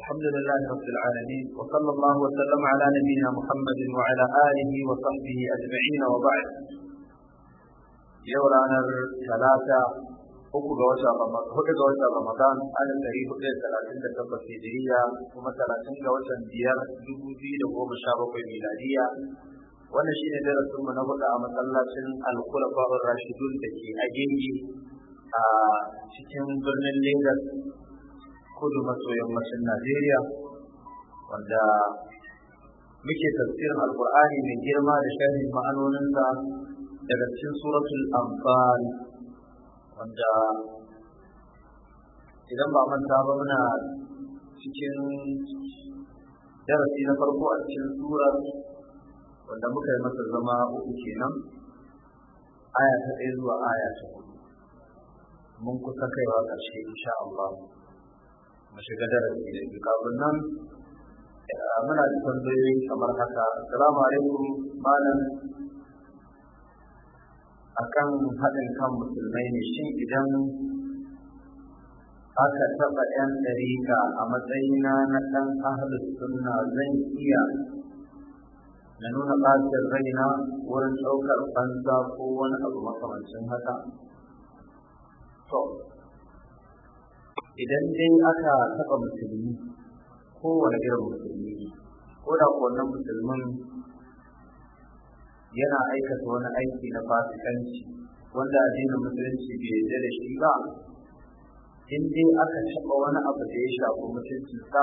الحمد لله رب العالمين وصلى الله وسلم على نبينا محمد وعلى آله وصحبه أجمعين وبعد يورانا الثلاثة حكم وشاء رمضان حكم وشاء رمضان أنا الكريم في ثلاثة كبرى الهجرية ومثلا كم وشاء ديار جبوزي لغوم الشهر الميلادية wannan shi ne darasinmu na hudu a masallacin al rashidun da ke a gengi a cikin birnin Lagos kudu maso yammacin Najeriya wanda muke tafsirin alkur'ani mai girma da sharhin ma'anoninsa daga cikin suratul amfani, wanda idan ba manta ba muna cikin darasi na farko a cikin surar wanda muka yi masa zama uku kenan aya ta ɗaya zuwa aya ta hudu mun kusa kaiwa ƙarshe insha Allah mu shiga darasi da ke kafin nan eh, muna da tambayoyi kamar haka assalamu alaikum malam akan haɗin kan musulmai ne shin idan aka taɓa 'yan ɗarika a matsayina na ɗan ahlus sunna zan iya na nuna ɓacin raina wurin ɗaukar banza ko wani abu makamancin haka to idan dai aka taɓa musulmi kowane irin musulmi ko da wannan musulmin yana aikata wani aiki na fasikanci wanda addinin musulunci bai yarda da shi ba in dai aka taɓa wani abu da ya shafi mutuncinsa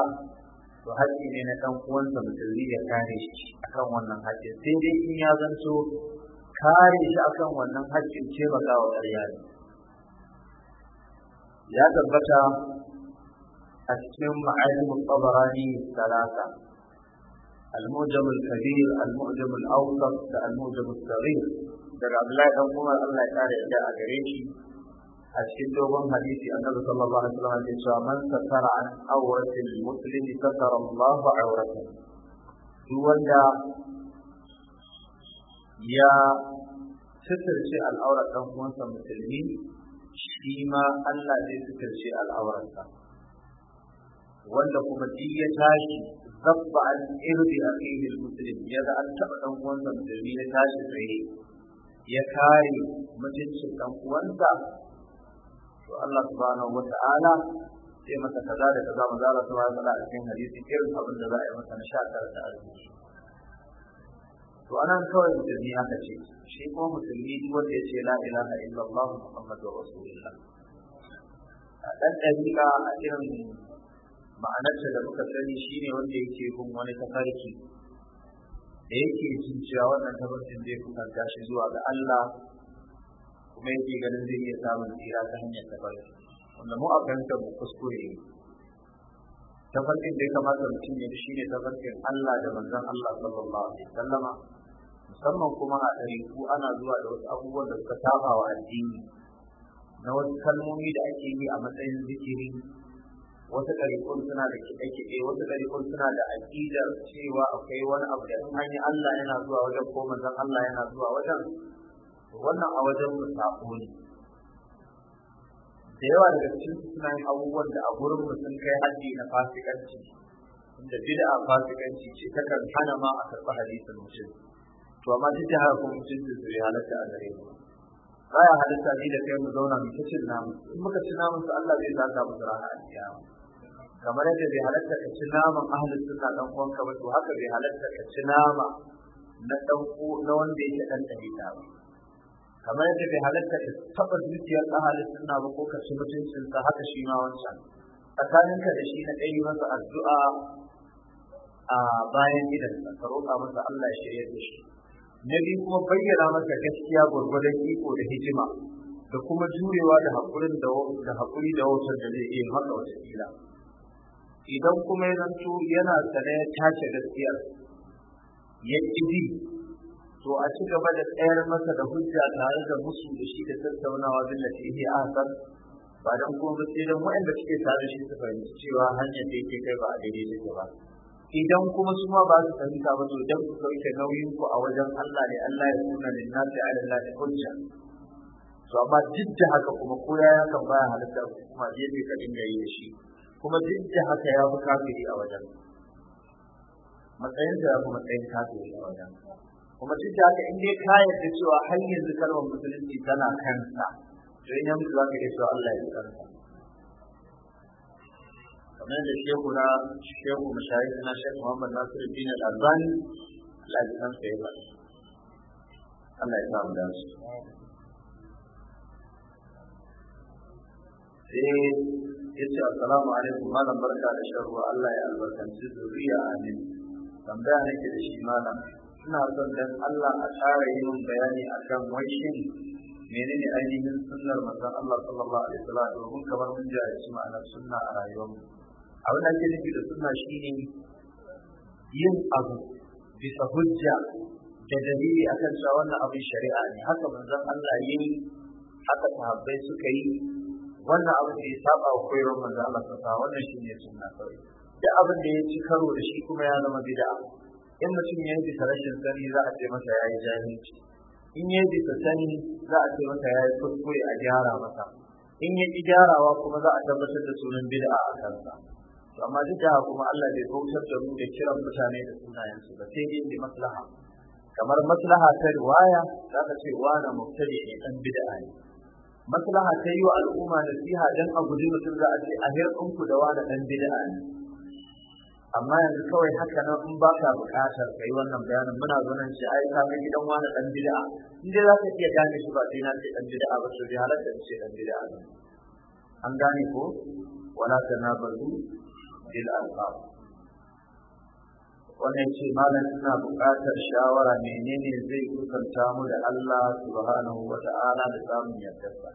to haƙƙi ne na ɗan uwansa musulmi ya kare shi akan wannan haƙƙin sai dai in ya zanto kare shi akan wannan haƙƙin taimaka wa ƙarya ne ya tabbata a cikin ma'alimin tsabarani talata المعجم الكبير المعجم الأوسط المعجم الصغير daga Abdullahi dan kuma Allah ya kare da a gare shi a cikin dogon hadisi annabi sallallahu alaihi wasallam ya ce man satara an awratil muslimi satara Allahu awratahu duk wanda ya suturce al'aurar ɗan uwansa musulmi shi ma Allah zai suturce al'aurarsa wanda kuma duk ya tashi zabba an irbi a ƙihil musulmi ya ga an taɓa ɗan uwansa musulmi ya tashi tsaye ya kare mutuncin ɗan uwansa to Allah subhanahu ta'ala sai masa kaza da kaza maza Allah subhanahu wata'ala a cikin hadisi irin abin da za a yi masa na shakar da arziki to anan kawai musulmi aka ce shi kuma musulmi duk wanda ya ce la ilaha illallah muhammadu rasulullah a dan dariƙa a irin ma'anarta da muka sani shine wanda yake bin wani tafarki da yake jin cewa wannan tafarkin zai tashi zuwa ga Allah kuma yake ganin zai iya samun tsira ta hanyar ta tafar wanda mu a fahimtar mu kuskure tafarkin da ya kamata mutum ya shi ne tafarkin Allah da manzon Allah sallallahu alaihi wasallama musamman kuma a ɗariku ana zuwa da wasu abubuwan da suka saba wa addini na wasu kalmomi da ake yi a matsayin zikiri wasu ɗarikun suna da kiɗe-kiɗe wasu ɗarikun suna da aƙidar cewa akwai wani abu da in an yi Allah yana zuwa wajen ko manzon Allah yana zuwa wajen wannan a wajen mu sako ne da yawa daga cikin suna yin abubuwan da a gurin mu sun kai haddi na fasikanci inda bid'a fasikanci ce ta kan hana ma a karɓi hadisin mutum to amma duk da haka kuma mutum da zuri halatta a gare mu baya halitta ni da kai mu zauna mu ta namu in muka ci namun su Allah zai saka mu rana a kiyama kamar yadda bai halatta ka ci naman ahlus sunna dan uwanka ba to haka bai halatta ka ci nama na dan na wanda yake dan dalita ba kamar yadda bai halatta ka taɓa zuciyar ɗan halittun na ba ko ka ci mutuncinsa haka shi ma wancan tsakaninka da shi na ɗaya masa addu'a a bayan gidansa ka roƙa masa Allah ya shirya da shi na bi kuma bayyana masa gaskiya gwargwadon iko da hijima da kuma jurewa da haƙurin da haƙuri da wautar da zai iya haka wata kila idan kuma ya zanto yana tsare ya tace gaskiya, ya ƙi to a ci gaba da tsayar masa da hujja tare da musu da shi da tattaunawa billati a ahsan ba don kuma sai don wa'anda suke tare shi su fahimci cewa hanyar da yake kai ba a daidai take ba idan kuma su ma ba su fahimta ba to idan ku sauke nauyin ku a wajen Allah ne Allah ya nuna lin nasi ala Allah hujja to amma duk da haka kuma ko ya kan baya ku, kuma je ne ka dinga yi da shi kuma duk da haka ya fi kafiri a wajen da ya fi matsayin kafiri a wajen kuma duk da haka in dai ka yarda cewa har yanzu kalmar musulunci tana kansa to in ya mutu za ka iya cewa Allah ya kansa kamar da shehu na shehu mashayikh na shehu Muhammad Nasiru bin Al-Albani Allah ya kansa ya ba Allah ya samu dace sai eh, ya ce assalamu alaikum malam barka da ruwa, Allah ya albarkanci zuriya amin tambaya nake da shi malam suna son dan Allah a tsara yi min bayani akan wajen menene ainihin sunnar manzon Allah sallallahu alaihi wasallam domin kamar mun ji a ma'anar sunna a rayuwar mu. abin da ake nufi da sunna shine yin abu bisa hujja da dalili akan cewa wannan abin shari'a ne haka manzon Allah yayi haka sahabbai suka yi wannan abin da ya saba wa koyarwar manzon Allah sallallahu alaihi wasallam wannan shine sunna kawai duk abin da ya ci karo da shi kuma ya zama bid'a in mutum ya yi bisa rashin sani za a ce masa ya yi jahilci in ya yi bisa sani za a ce masa ya yi kuskure a gyara masa in ya ƙi gyarawa kuma za a tabbatar da sunan bid'a a kansa to amma duk da kuma Allah bai bautar da mu da kiran mutane da sunayensu ba sai dai maslaha kamar maslaha ta riwaya za ka ce wana mubtadi ne dan bid'a ne maslaha ta yi wa al'umma nasiha dan a guji mutum za a ce a hirɗinku da wana dan bid'a ne amma yanzu kawai haka nan in ba ka buƙatar ka yi wannan bayanin muna zonan shi ai ka mai gidan wani ɗan bid'a in dai za ka iya gane shi ba sai na ce ɗan bid'a ba sai halatta ce ɗan dan ne an gane ko wala bazu bil alqab wannan ce malam suna buƙatar shawara menene zai kusanta mu da Allah subhanahu wata'ala da samun yardarsa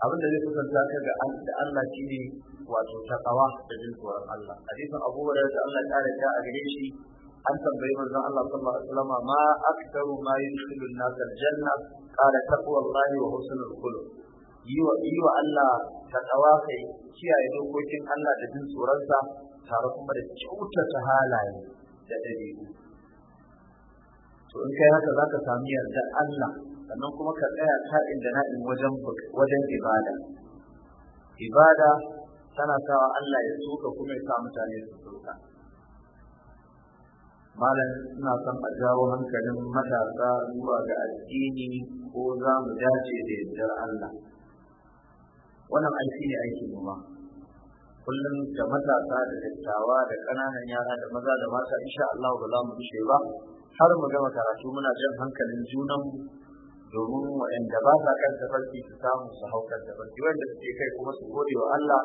abin da zai kusanta ka ga da Allah shine wato takawa da jin tsoron Allah hadisin Abu Hurairah da Allah ya da a gare shi an tambayi manzon Allah sallallahu alaihi wasallam ma aktaru ma yudkhilu an-nas al-janna qala taqwallahi wa husnul khuluq yi wa Allah takawa kai kiyaye dokokin Allah da jin tsoron sa tare kuma da kyautata halaye da dabi'u to in kai haka zaka sami yarda Allah sannan kuma ka tsaya ta inda na wajen wajen ibada ibada tana sawa Allah ya soka kuma ya sa mutane su soka malam ina son a jawo hankalin matasa zuwa ga addini ko za mu dace da yardar Allah wannan aiki ne aiki mu kullum da matasa da dattawa da ƙananan yara da maza da mata insha Allah ba za mu rushe ba har mu gama karatu muna jan hankalin junan domin waɗanda ba sa kan tafarki su samu su hau kan tafarki wanda suke kai kuma su gode wa Allah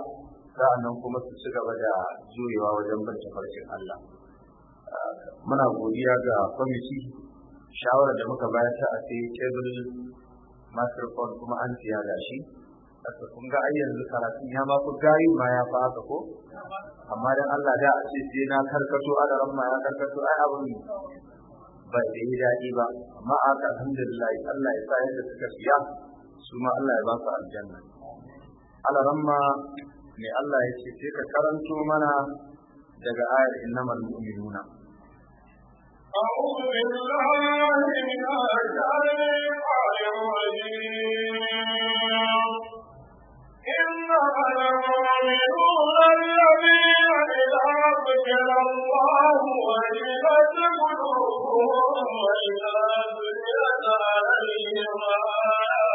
sa'annan kuma su ci gaba da juyewa wajen bin tafarkin Allah muna godiya ga kwamiti shawara da muka bayar ta a sai tebul microphone kuma an siya da shi aka kun ga ayyan karatun ya ma ku gari ma ya fa haka ko amma dan Allah da a ce sai na karkato adaran ma ya karkato ai ne, ba da yi daɗi ba amma aka alhamdulillah Allah ya sa yadda suka siya su ma Allah ya ba su aljanna alaran ma mai Allah ya ce sai ka karanto mana daga ayar innamal mu'minuna أعوذ بالله الرجيم إنما المؤمنون الذين إذا ذكر الله وجلت قلوبهم وإذا تليت عليهم آياته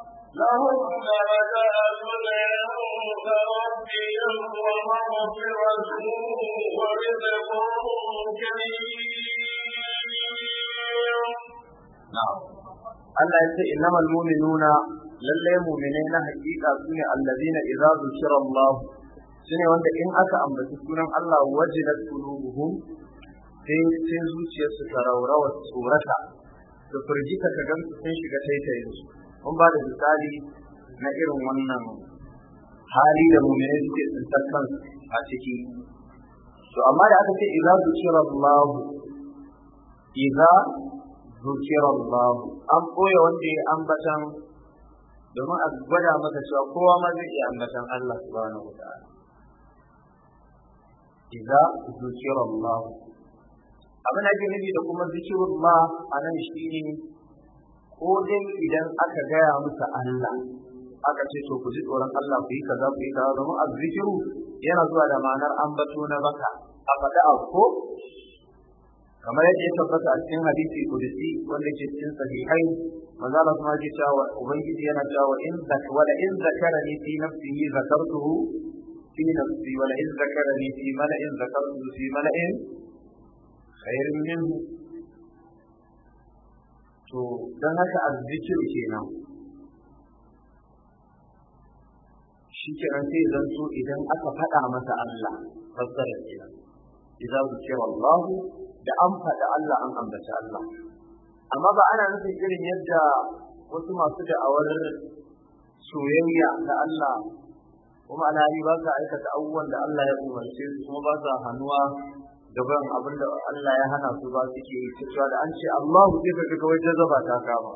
لهم درجات عند ربهم ومغفرة ورزق كريم نعم Allah ya ce innamal mu'minuna lallai mu'minai na hakika sune allazina idza zukira Allah shine wanda in aka ambaci sunan Allah wajilat qulubuhum sai sai zuciyarsu ta raurawa tsorata da firgita ka gansu sun shiga taitayin su mun ba da misali na irin wannan hali da mummune suke tsintar a ciki to amma da aka ce idza zuciyar Allah idza zuciyar Allah an koya wanda ya ambatan domin a gwada masa cewa kowa ma zai iya ambatan Allah subhanahu wa ta'ala idza zuciyar Allah abin da ake nufi da kuma zuciyar Allah a nan shi ne. ko dai idan aka gaya musu Allah aka ce to ku ji tsoron Allah ku yi kaza ku yi kaza domin azzikiru yana zuwa da ma'anar ambato na baka a faɗi abu ko kamar yadda ya tabbata a cikin hadisi kudusi wanda ke cikin sahihai manzo Allah kuma yake cewa ubangiji yana cewa in zak wala in ni fi nafsihi zakartuhu fi nafsi wala in ni fi in zakartuhu fi in? khairin minhu to don haka azzikir kenan shi kenan sai zanto idan aka faɗa masa Allah fassara kenan idza zikira Allah da an faɗa Allah an ambaci Allah amma ba ana nufin irin yadda wasu masu da'awar soyayya da Allah kuma alhali ba su aikata abubuwan da Allah ya umarce su kuma ba su hannuwa Daban abin da Allah ya hana su ba suke yi cewa da an ce Allahu zai ka kawai zaba ta kama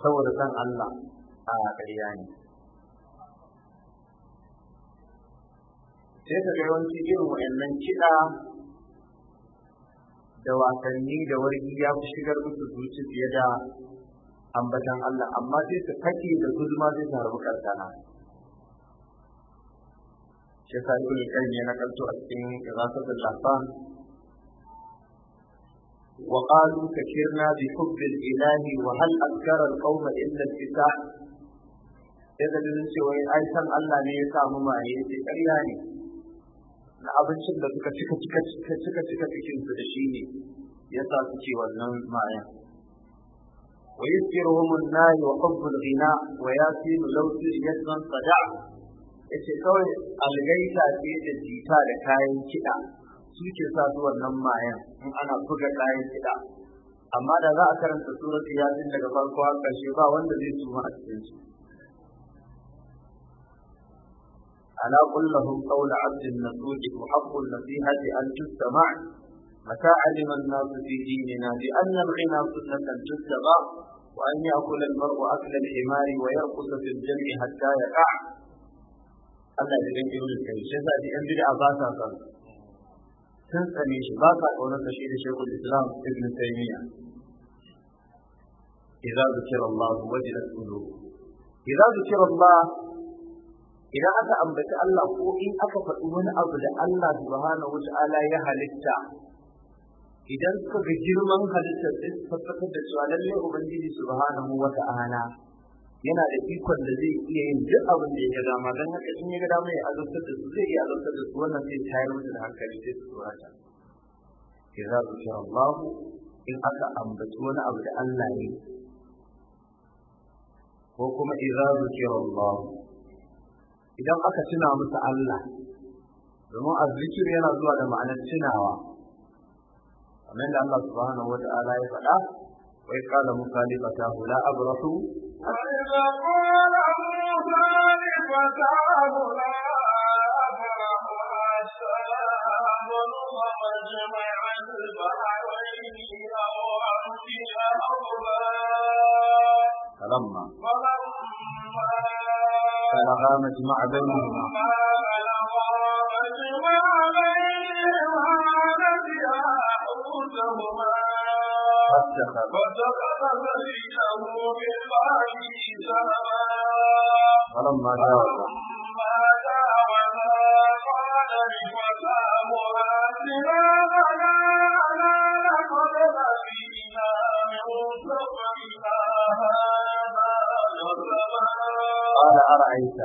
saboda san Allah a ƙarya ne sai ka ga yawanci irin wa'annan kiɗa da wasanni da wargi ya fi shigar musu zuci fiye da ambatan Allah amma sai ka kake da ma sai ta rabu karsana shi sa ibn al-qayyim ya nakalto a cikin irasat al-lahfan wa qalu kashirna bi hubb al-ilahi wa hal azkara al-qawm illa al-fitah sai da dinin cewa ai san Allah ne ya samu ma ya sai ƙarya ne na abincin da suka cika cika cika cika cika cikin su da shi ne ya sa suke wannan yi wa mayan ويذكرهم النار وحب الغناء وياسين لو سريت من صدع yace kawai algaita ce da jita da kayan kiɗa su ke sa su wannan mayan in ana buga kayan kiɗa amma da za a karanta surat yasin daga farko har ƙarshe ba wanda zai tuma a cikin su ألا قل لهم قول عبد النصوح وحق النصيحة أن تستمع متى علم الناس في ديننا بأن الغنى سنة تتبع وأن يأكل المرء أكل الحمار ويرقص في الجمع حتى يقع Allah ya gani ibnu kai shi yasa da yan bid'a ba sa san sun tsane shi ba sa kaunar shi da shekul islam ibnu taymiya idza zikira Allah wajilat qulub idza zikira Allah idan aka ambaci Allah ko in aka faɗi wani abu da Allah subhanahu wata'ala ya halitta idan suka ga girman halittar sai su tabbatar da cewa lallai ubangiji subhanahu wata'ala yana da ikon da zai iya yin duk abin da ya ga dama don haka in ya ga dama ya azabtar da su zai iya azabtar da su wannan sai tayar musu da hankali sai su tsorata su zikra Allah in aka ambaci wani abu da Allah ne ko kuma izazu ke Allah idan aka tuna musu Allah domin azzikir yana zuwa da ma'anar tunawa kamar da Allah subhanahu wa ta'ala ya faɗa وإذ قال موسى لفتاه لا أبرح وإذ قال موسى لفتاه لا أبرح عسى أبلغ مجمع البحرين أو أمضي حقبا فلما فلما بلغا مجمع بينهما فاتخذ فسقط سبيله بالوادي سلما فلما جاوزا فلما جاوزا قال لفتاه آتنا لنا لقد لقينا من سفرنا هذا جرما قال أرأيت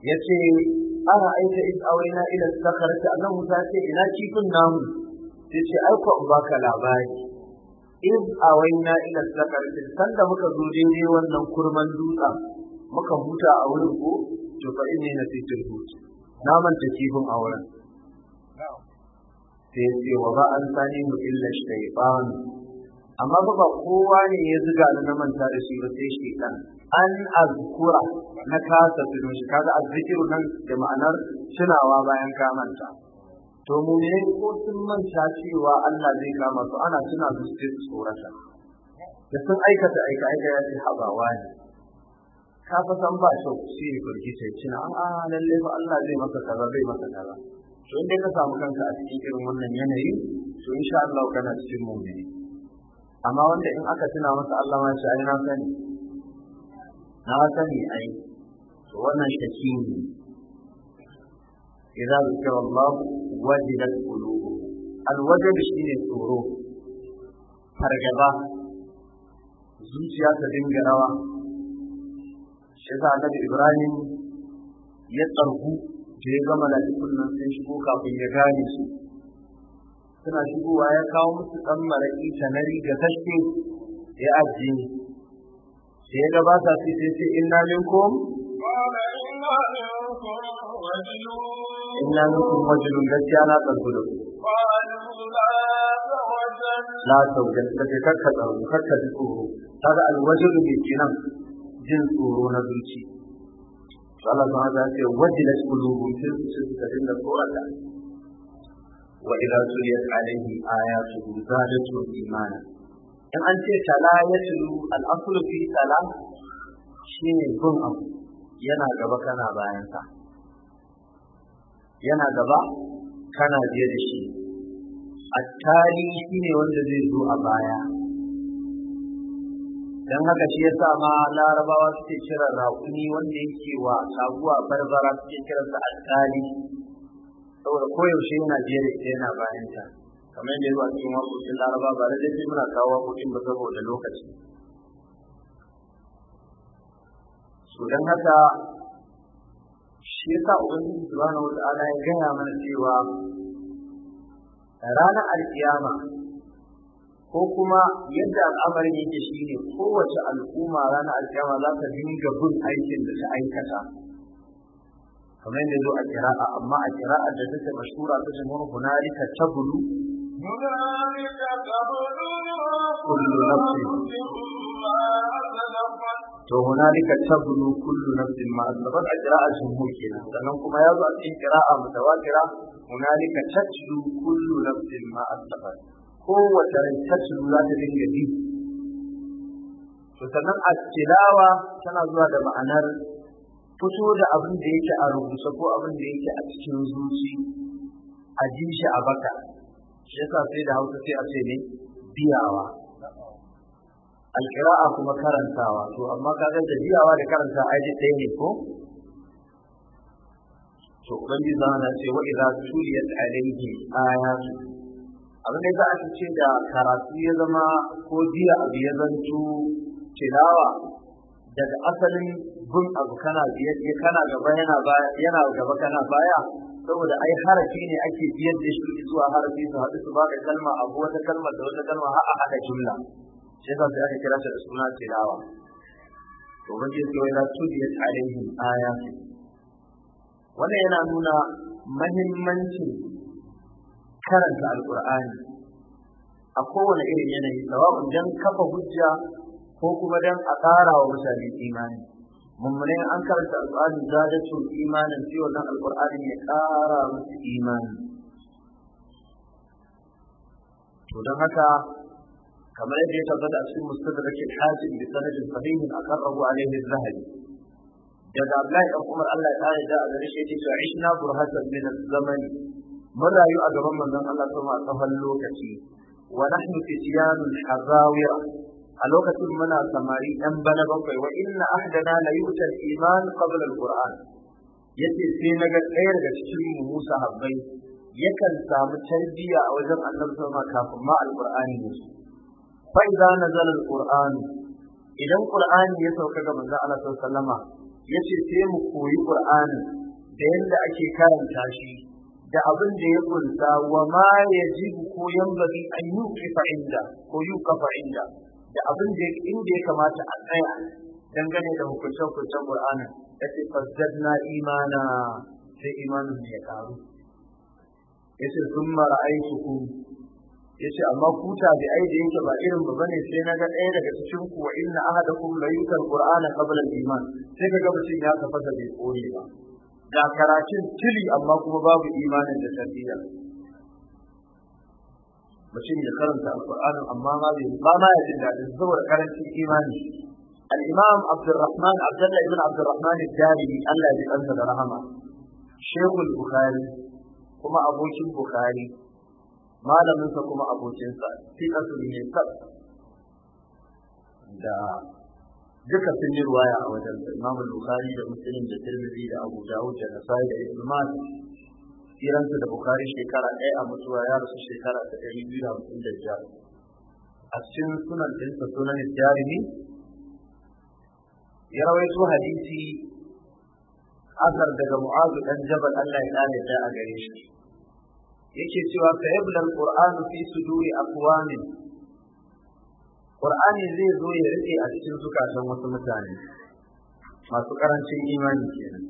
yace ana aika iz aurena ila ta Allah ta ce ina kifin namu sai ce ai ko baka labari iz aurena ila ta sanda muka zo daidai wannan kurman dutsa muka huta a wurin ko to fa inni nasitul hut na manta kifin auren. wurin sai ce wa ba an sani mu illa shaytan amma ba kowa ne ya zuga na manta da shi ba sai shaytan an azkura na kasa tuno shi kaga azzikiru nan da ma'anar tunawa bayan ka manta to mu ne ko sun manta cewa Allah zai kama su ana tuna su sai su tsorata da sun aikata aika aika ya ce habawa ne ka fa san ba shi shi ne sai cina a lalle fa Allah zai maka kaza zai maka kaza to inda ka samu kanka a cikin irin wannan yanayi to insha Allah kana cikin ne amma wanda in aka tuna masa Allah ma shi ai na sani na sani ai wannan shaki ne idza zikra Allah al qulubuhum shi ne tsoro fargaba zuciya ta dinga rawa shi yasa annabi Ibrahim ya tsargu da ya gama mala'ikun nan sai shigo kafin ya gane su suna shigowa ya kawo musu dan maraki tanari ga kashe ya ajiye da ya gabata sai sai ce inna minkum inna minkum wajilun gaskiya na tsarku da ku la tawjad da ke karka tsaro karka ji tsoro da alwajil ne kinan jin tsoro na zuci Allah ta ta ce wajilat qulubum fil sujudin da qur'ana wa a tuliyat alaihim ayatu zadatu imanin. in an ce tala ya tulu al'asulu fi tala shi ne bin abu yana gaba kana bayansa yana gaba kana biye da shi attari shi ne wanda zai zo a baya don haka shi yasa ma larabawa suke kira raƙuni wanda yake wa sabuwa barbara suke kiransa attari saboda koyaushe yana biye da ita yana bayanta kamar yadda zuwa cikin waƙoƙin laraba ba lallai sai muna kawo waƙoƙin ba saboda lokaci su don haka shi yasa ubangiji subhanahu wata'ala ya gaya mana cewa ranar alkiyama ko kuma yadda al'amarin yake shi ne kowace al'umma ranar alkiyama za ta dinga bin aikin da ta aikata kamar yadda zo a kira'a amma a kira'a da take mashura ta jamhur ta gudu هنالك تبلو كل نفس to hunalika tabnu kullu nafsin ma asabat a qira'at jumhur kenan sannan kuma ya zo a cikin qira'a mutawatira hunalika tatlu kullu nafsin ma asabat wata ran tatlu za ta dinga ji to sannan at-tilawa tana zuwa da ma'anar fito da abin da yake a rubuce ko abin da yake a cikin zuci a ji shi a baka shi yasa sai da hausa sai a ce ne biyawa alƙira'a kuma karantawa to amma ka ga biyawa da karanta ai ɗaya ne ko to ubangiji za na ce wa idza tuliyat alayhi ayatu abin da za a ce da karatu ya zama ko biya abu ya zanto tilawa daga asalin bin abu kana biye kana gaba yana baya yana gaba kana baya saboda ai harafi ne ake biyar da shi zuwa harafi su haɗu su baka kalma abu wata kalma da wata kalma ha'a a haɗa jumla shi yasa sai aka kira shi da suna tilawa to bace ce wai ya tare alaihim aya wannan yana nuna mahimmancin karanta alqur'ani a kowane irin yanayi sawa'un dan kafa hujja ko kuma dan a ƙara wa mutane imani mummune an karanta alƙur'ani zadatu imanin sai wannan alƙur'ani ya ƙara musu imani to don haka kamar yadda ya tabbata a cikin mustadrak al-hasim bi sanadin kan aqarrahu alayhi az-zahabi daga Abdullahi dan Umar Allah ya kare da a gare shi yake cewa ishna burhatan min az-zamani mun rayu a gaban manzon Allah sama a tsawon lokaci wa nahnu fi siyanul hazawira a lokacin muna samari ɗan bana bakwai wa inna ahdana la yu'tal iman qabla al-qur'an yace sai naga ɗaya daga cikin mu Musa habbai yakan samu tarbiyya a wajen Annabi sallallahu alaihi kafin ma al-qur'ani ne fa idza nazala al-qur'an idan qur'ani ya sauka ga manzo Allah sallallahu alaihi yace sai mu koyi qur'ani da yadda ake karanta shi da abin da ya kunsa wa ma yajibu ko yanbaghi an yuqifa inda ko da abin da inda ya kamata a tsaya dangane da hukuncen hukuncen Qur'ani da ce fazzadna imana sai imanin ya karu ya ce sun aiki ku ya ce amma ku tabi aiki da yake ba irin ba bane sai na ga ɗaya daga cikin ku wa inna ahadakum la yutal qur'ana qabla iman sai ka ga mutum ya tafasa bai kore ba ga karatun tili amma kuma babu imanin da tafiya. mutum ya karanta alqur'anin amma ma bai ba ma ya jin dadin saboda karancin imani al-imam abdurrahman abdullah ibn abdurrahman al-jarimi Allah ya ji kansa da rahama shaykhul bukhari kuma abokin bukhari malaminsa kuma abokinsa fiƙasun ne sab da duka sun yi ruwaya a wajen imam bukhari da muslim da tirmidhi da abu dawud da nasai da ibn majah hiransa da bukari shekara ɗaya a mutuwa ya rasu shekara ta ɗari biyu da hamsin da biyar a cikin sunan ɗinsa sunan jarumi ya rawaito hadisi asar daga mu'azu dan jabal Allah ya dade da a gare shi yake cewa ka yabla alquran fi suduri aqwamin qur'ani zai zo ya rike a cikin zukatan wasu mutane masu karancin imani kenan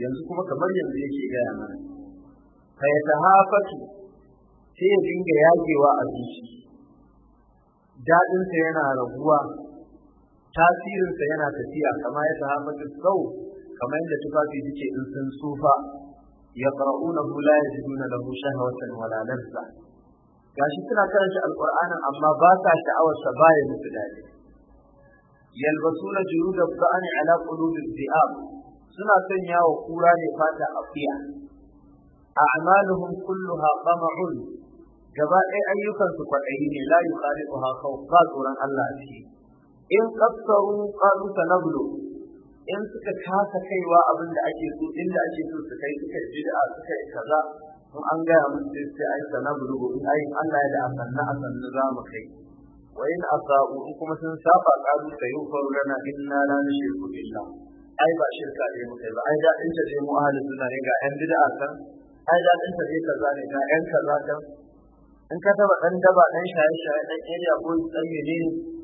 yanzu kuma kamar yanzu yake gaya mana fa yatahafatu sai ya dinga yagewa a zuci daɗinsa yana raguwa tasirinsa yana tafiya kama ya hafatu sau kamar yadda tufafi suke in sun tsufa ya qara'una ji la yajiduna lahu shahwatan wala ladza gashi suna shi alqur'anin amma ba sa baya musu dadi yalbasuna juru da qurani ala qulubi al suna sanya wa kura ne fata afiya a'maluhum kulluha qama'un gaba ɗaya ayyukansu su kwaɗayi ne la yuqaliquha khawf ba tsoron Allah a ciki in qassaru qalu sanablu in suka kasa kaiwa abin da ake so inda ake so su kai suka bid'a suka kaza in an gaya musu sai sai ai sanablu in ai Allah ya da asanna asanna za mu kai wa in asa'u kuma sun saba qalu ai ba ne mu ai da in ce mu ahli sunna ne ga ai daɗin ta zai kaza ne ga ƴan kaza dan in ka taɓa ɗan daba ɗan shaye shaye ɗan area ko ɗan mene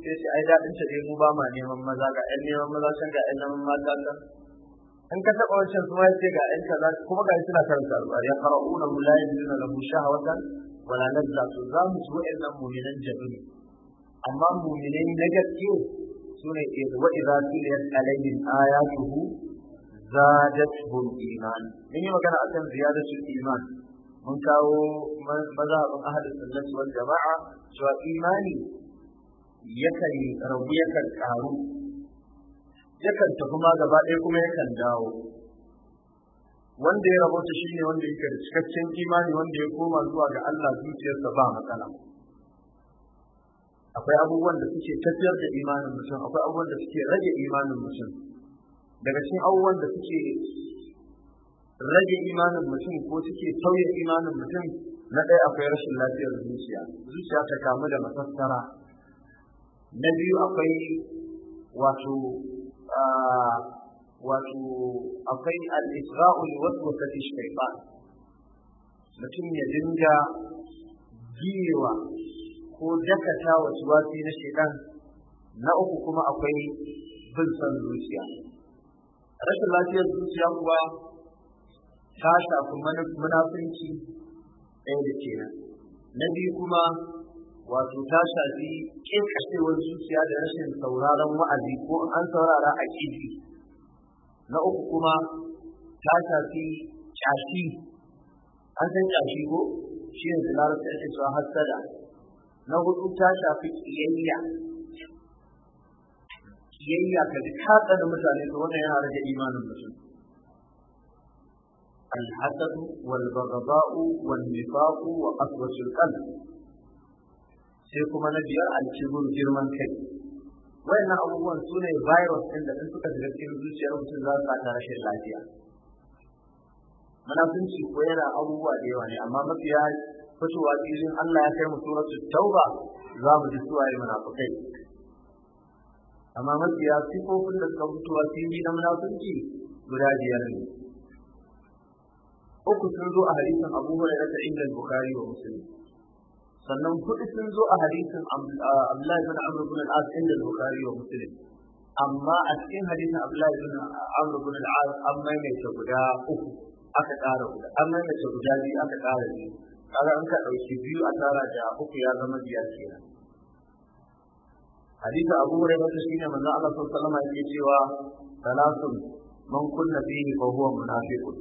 sai sai ai daɗin ta zai mu ba ma neman maza ga ƴan neman maza can ga ƴan neman maza can in ka taɓa wancan kuma ya ce ga ƴan kaza kuma ga suna karanta alƙur'ani ya qara'una la yajiduna lahu shahwatan wala nazza to za mu su wa'annan mu'minan jabiri amma mu'minai na su ne gaskiya sune ke wa'idha tuliyat alaihim ayatuhu zadatul iman mun yi magana akan ziyadatul iman mun kawo mazhabin ahlus sunnati wal jama'a cewa imani yakan rabu yakan karu yakan tafi ma gaba ɗaya kuma dawo wanda ya rabota shi ne wanda yake da cikakken imani wanda ya koma zuwa ga Allah zuciyarsa ba matsala akwai abubuwan da suke tafiyar da imanin mutum akwai abubuwan da suke rage imanin mutum daga cikin abubuwan da suke rage imanin mutum ko suke sauya imanin mutum na ɗaya akwai rashin lafiyar zuciya zuciya ta kamu da matattara na biyu akwai wato wato akwai al-isra'u li waswasati shaytan mutum ya dinga giyewa ko dakata wasu wasi na shaytan na uku kuma akwai bin san zuciya rashin lafiyar zuciya kuwa ta shafi munafunci ɗaya da kenan na biyu kuma wato ta shafi ƙirƙashewar zuciya da rashin sauraron wa'azi ko an saurara a kifi na uku kuma ta shafi ƙyashi an san ƙyashi ko shi ne zinarar larabta ake cewa hassada na hudu ta shafi ƙiyayya kiyayya ka ji ka tsani mutane to wannan yana rage imanin mutum Al-Hassan, الحسد والبغضاء والنفاق وقسوة القلب sai kuma na biyar alkibur girman kai wayannan abubuwan su ne virus ɗin da in suka shiga cikin zuciyar mutum za su sa rashin lafiya munafunci ko yana abubuwa da yawa ne amma mafiya fitowa filin Allah ya kai mu suratul tauba za mu ji suwaye munafukai amma mafiya kofin da suka fitowa fili na munafunci guda biyar ne uku sun zo a hadisin Abu Hurairah da Inda Bukhari wa Muslim sannan hudu sun zo a hadisin Abdullahi bin Amr bin al-As inda Bukhari wa Muslim amma a cikin hadisin Abdullahi bin Amr bin al-As an maimaita guda uku aka ƙara guda an maimaita guda biyu aka ƙara biyu kaga an ka ɗauki biyu a tsara da uku ya zama biyar kenan hadisi abu hurairah shine manzo Allah sallallahu alaihi wasallam yake cewa salasun man kunna fihi fa huwa munafiqun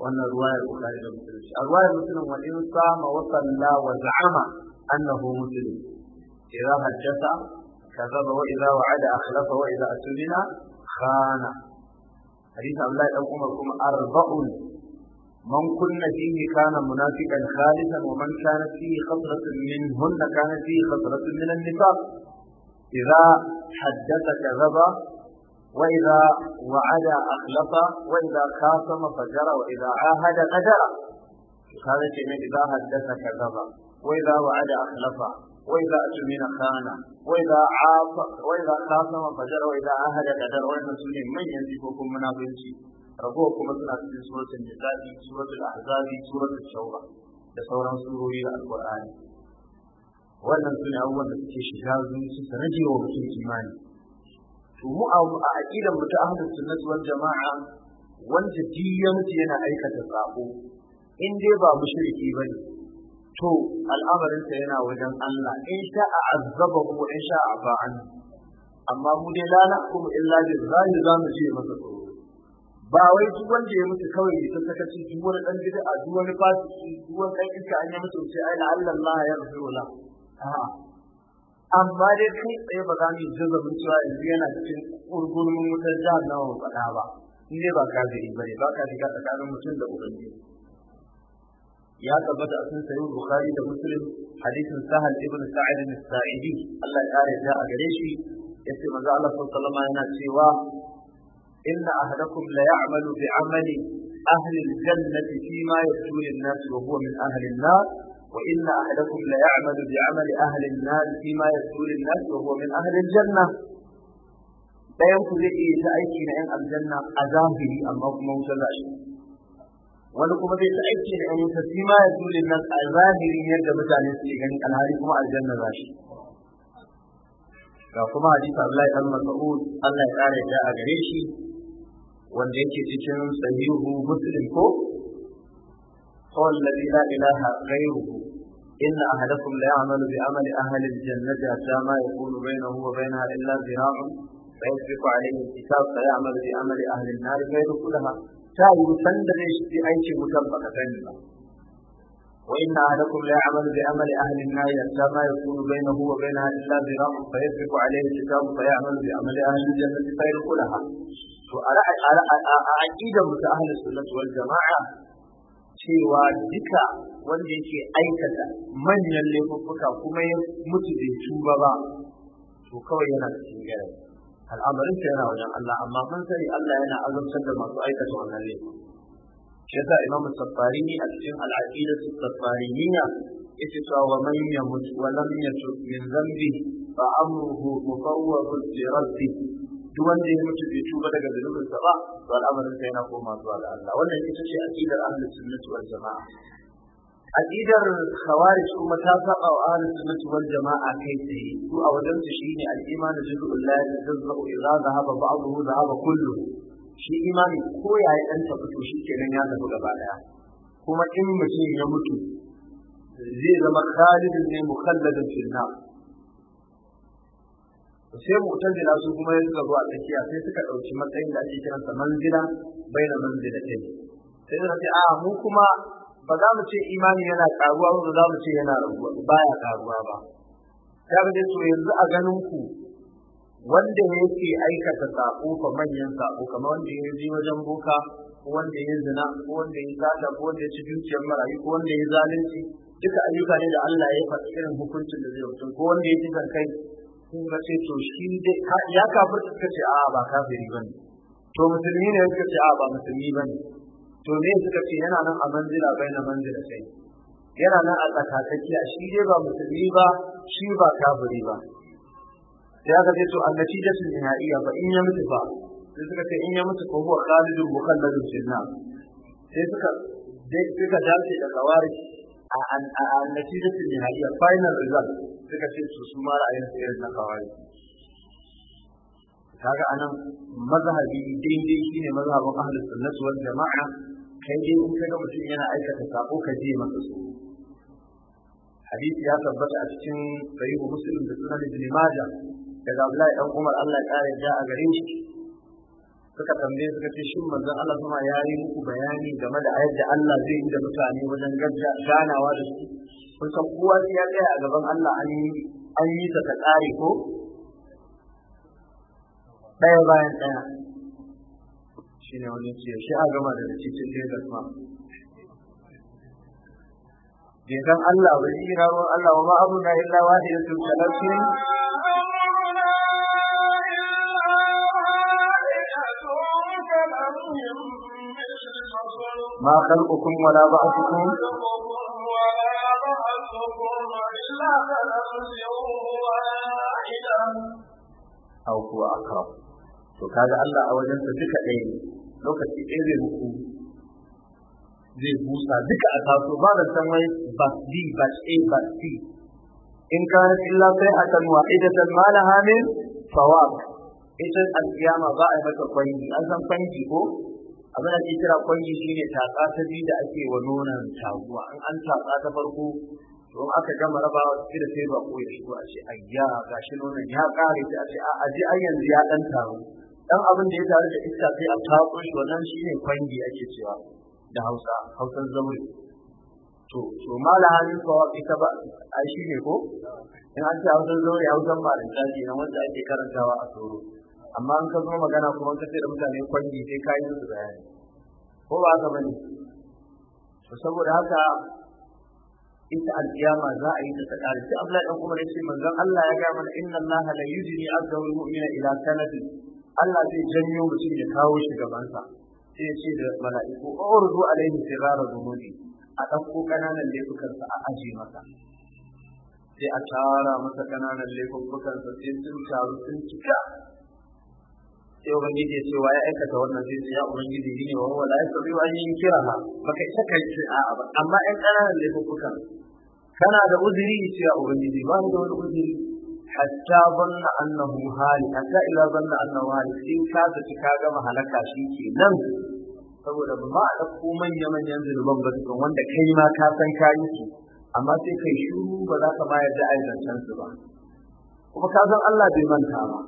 wannan ya bukhari da musulunci. a ruwayar musulun wa in sama wa salla wa za'ama annahu muslim idza hajjata kazaba wa idza wa'ada akhlafa wa idza atumina khana hadisi Abdullahi dan Umar kuma arba'un من كن فيه كان منافقا خالصا ومن كانت فيه خطرة منهن كانت فيه خطرة من النفاق إذا حدث كذب وإذا وعد أخلف وإذا خاصم فجر وإذا عاهد غدر هذا شيء إذا حدث كذب وإذا وعد أخلف وإذا أتمن خان وإذا عاف وإذا خاصم فجر وإذا عاهد غدر وإذا سلم من ينزفكم منافقين ragowa kuma suna cikin suratul nisa'i suratul ahzabi suratul shawra da sauran surori da alqur'ani wannan sune abubuwan da suke shiga zuci da rage wa mutum imani to mu a aqidar mu ta ahlus sunnah wal jama'a wanda diya yana aikata sako in dai ba mushriki bane to al'amarin sa yana wajen Allah in sha'a azzabahu in sha sha'a fa'an amma mu dai la nahkumu illa bil zahir zamu ce masa tsoro ba wai duk wanda ya mutu kawai ya san sakaci duk wani dan a duk wani fasiki duk wani dan iska an ya mutu sai ai la'alla Allah ya rufe wala amma dai kai tsaye ba za mu yi jazabin cewa yanzu yana cikin urgunin wutar jahannama ba faɗa ba in dai ba kafiri ba ne ba ka shiga tsakanin mutum da ubangiji ya tabbata a cikin sahih bukhari da muslim hadisin sahal ibn sa'id al-sa'idi Allah ya kare da a gare shi yace manzo Allah sallallahu alaihi wasallam yana cewa إن أحدكم ليعمل بعمل أهل الجنة فيما يبتون الناس وهو من أهل النار وإن أحدكم ليعمل بعمل أهل النار فيما يبتون الناس وهو من أهل الجنة لا ينفذ إيه سأيكي نعين الجنة أزاهري أما كما وتلاش ولكم ذي سأيكي نعين فيما يبتون الناس أزاهري يجب أن يسيغني الهاري كما الجنة راشي ga kuma hadisi Allah ya kalmar Allah ya kare da a gare shi wanda yake cikin sahihu muslim ko kawai lalli la ilaha ghairuhu inna ahadakum la ya'malu bi amali ahli al-jannati hatta ma yakunu bainahu wa bainaha illa zira'un fa yasbiqu alayhi al-kitab fa ya'malu bi amali ahli an-nar fa yadkhulaha ta yi sanda ne shi aikin wutar baka sani ba وإن أحدكم لا يعمل بعمل أهل النار حتى ما يكون بينه وبينها إلا ذراع فيسبق عليه الكتاب فيعمل بعمل أهل الجنة فيدخلها to a aƙidar mu ta ahlus sunnati wal jama'a cewa duka wanda yake aikata manyan laifuffuka kuma ya mutu bai tuba ba to kawai yana cikin gare al'amarin sa yana wajen Allah amma mun sani Allah yana azabtar da masu aikata wannan laifin shi yasa Imam Safarini a cikin al-Aqida Safariniyya yace cewa wa man yamut wa lam yatub min dhanbi fa amruhu mufawwadun li rabbih duk wanda ya mutu bai tuba daga zunubinsa sa ba to al'amarin sa yana koma zuwa ga Allah wannan ita ce aqidar ahlus sunnah wal jamaa aqidar khawarij kuma ta saba wa ahlus sunnah wal jamaa kai tsaye su a wajen su shine al-iman billahi tazzabu idza dhahaba ba'dahu dhahaba kullu shi imani ko ya yi dan tabbatu shi kenan ya tafi gaba daya kuma in mutum ya mutu zai zama khalidun ne mukhalladun fil nar sai mu'tazila su kuma ya suka a tsakiya sai suka ɗauki matsayin da ake kiran sa manzila bai da manzila ɗin sai suka ce a mu kuma ba za mu ce imani yana karuwa ba za mu ce yana raguwa baya karuwa ba ta ga to yanzu a ganin ku wanda yake aikata sako fa manyan sako kamar wanda ya je wajen boka ko wanda ya zina ko wanda ya zata ko wanda ya ci dukiyar marayu ko wanda ya zalunci duka ayyuka ne da Allah ya faɗi irin hukuncin da zai mutum ko wanda ya ci kai sai na ce to shi dai ya kafir suka ce a'a ba kafiri ba ne. to musulmi ne suka ce a'a ba musulmi ba ne. to me suka ce yana nan a manzila bai na manzila kai. yana nan a a shi dai ba musulmi ba shi ba kafiri ba sai aka ce to annabi da sun yana iya ba in ya mutu ba sai suka ce in ya mutu ko huwa khalidun mukhalladun fil nar sai suka dai suka dace da kawari a natijatin nihaiya final result suka ce su su ma ra'ayin su irin na kawai kaga anan mazhabi daidai shine mazhabin ahlus sunnah wal jama'a kai dai in kaga mutum yana aikata sako ka je masa su hadisi ya tabbata a cikin sahihu muslim da sunan ibn majah daga Abdullahi dan Umar Allah ya kare da a garin shi suka tambaye suka ce shin manzon Allah kuma ya yi muku bayani game da ayar da Allah zai yi da mutane wajen ganawa da su kun san kowa sai ya tsaya a gaban Allah an yi an yi ta tsari ko ɗaya bayan ɗaya ne wani ce shi a gama da cikin da kuma bai san Allah ba shi na ruwan Allah wa ma abu na illa wahidatu talatin ما خلقكم ولا بعثكم أو هو أقرب to kaga Allah a wajen sa duka ɗaya ne lokaci ɗaya zai muku zai busa duka a taso ba da san wai ba B ba A ba C in kana illa sai a tan wa'idatan ma laha min fawaq ita al-qiyama ba a mata kwangi an san kwangi ko abin da ke kira kwanyi shi ne taƙa ta biyu da ake wa nonon taguwa in an taƙa ta farko to aka gama rabawa su da sai ko ya shigo a ce ayya ga shi nonon ya ƙare ta a ce a ji an yanzu ya ɗan taru dan abin da ya taru da iska sai a taƙo shi wannan shi ne kwangi ake cewa da hausa hausan zaure to to mala halin kawa ita ba a shi ne ko in an ce hausan zaure hausan malin ta ce wanda ake karantawa a tsoro amma in ka zo magana kuma ka ce da mutane kwangi sai ka yi musu bayani ko ba haka bane to saboda haka ita alkiyama za a yi ta tsakari sai Allah dan kuma yace manzon Allah ya ga mana inna Allah la yujni abdahu almu'mina ila sanati Allah zai janyo mutum ya kawo shi gaban sa sai ya ce da mala'iku urdu alaihi sirara dhunubi a dauko kananan laifukan sa a aje masa sai a tara masa kananan laifukan sa sai sun taru sun cika sai ubangiji ya ce wa ya aikata wannan sai ce ya ubangiji ne wa wala ya sabi wa yin kira ha baka isa kai ce a ba amma ɗan ƙananan laifukan kana da uzuri ce ya ubangiji ba ni da wani uzuri hatta zanna annahu hali hatta ila zanna annahu hali sai ka ta ci ka gama halaka shi ke nan? saboda ba ma a ɗauko manya-manyan zunuban ba su wanda kai ma ka san ka yi su amma sai kai shuru ba za ka ma da a yi su ba kuma ka san Allah bai manta ba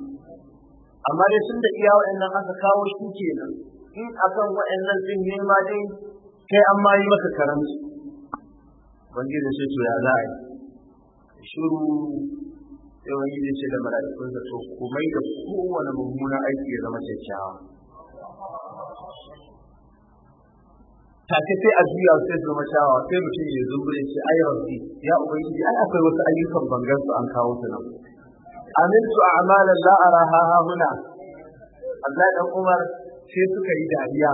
amma dai sun da iya waɗannan aka kawo shi nan, in a kan waɗannan sun yi ma dai kai an ma yi maka karamci wanda da sai to ya za a yi shiru sai wani zai ce da mara'ikun da to komai da kowane mummunan aiki ya zama kyakkyawa Tafi sai a juya sai su zama shawa sai mutum ya gudun shi ai ya ubangiji ai akwai wasu ayyukan bangansu an kawo su nan amintu a'malan la araha huna Allah dan Umar sai suka yi dariya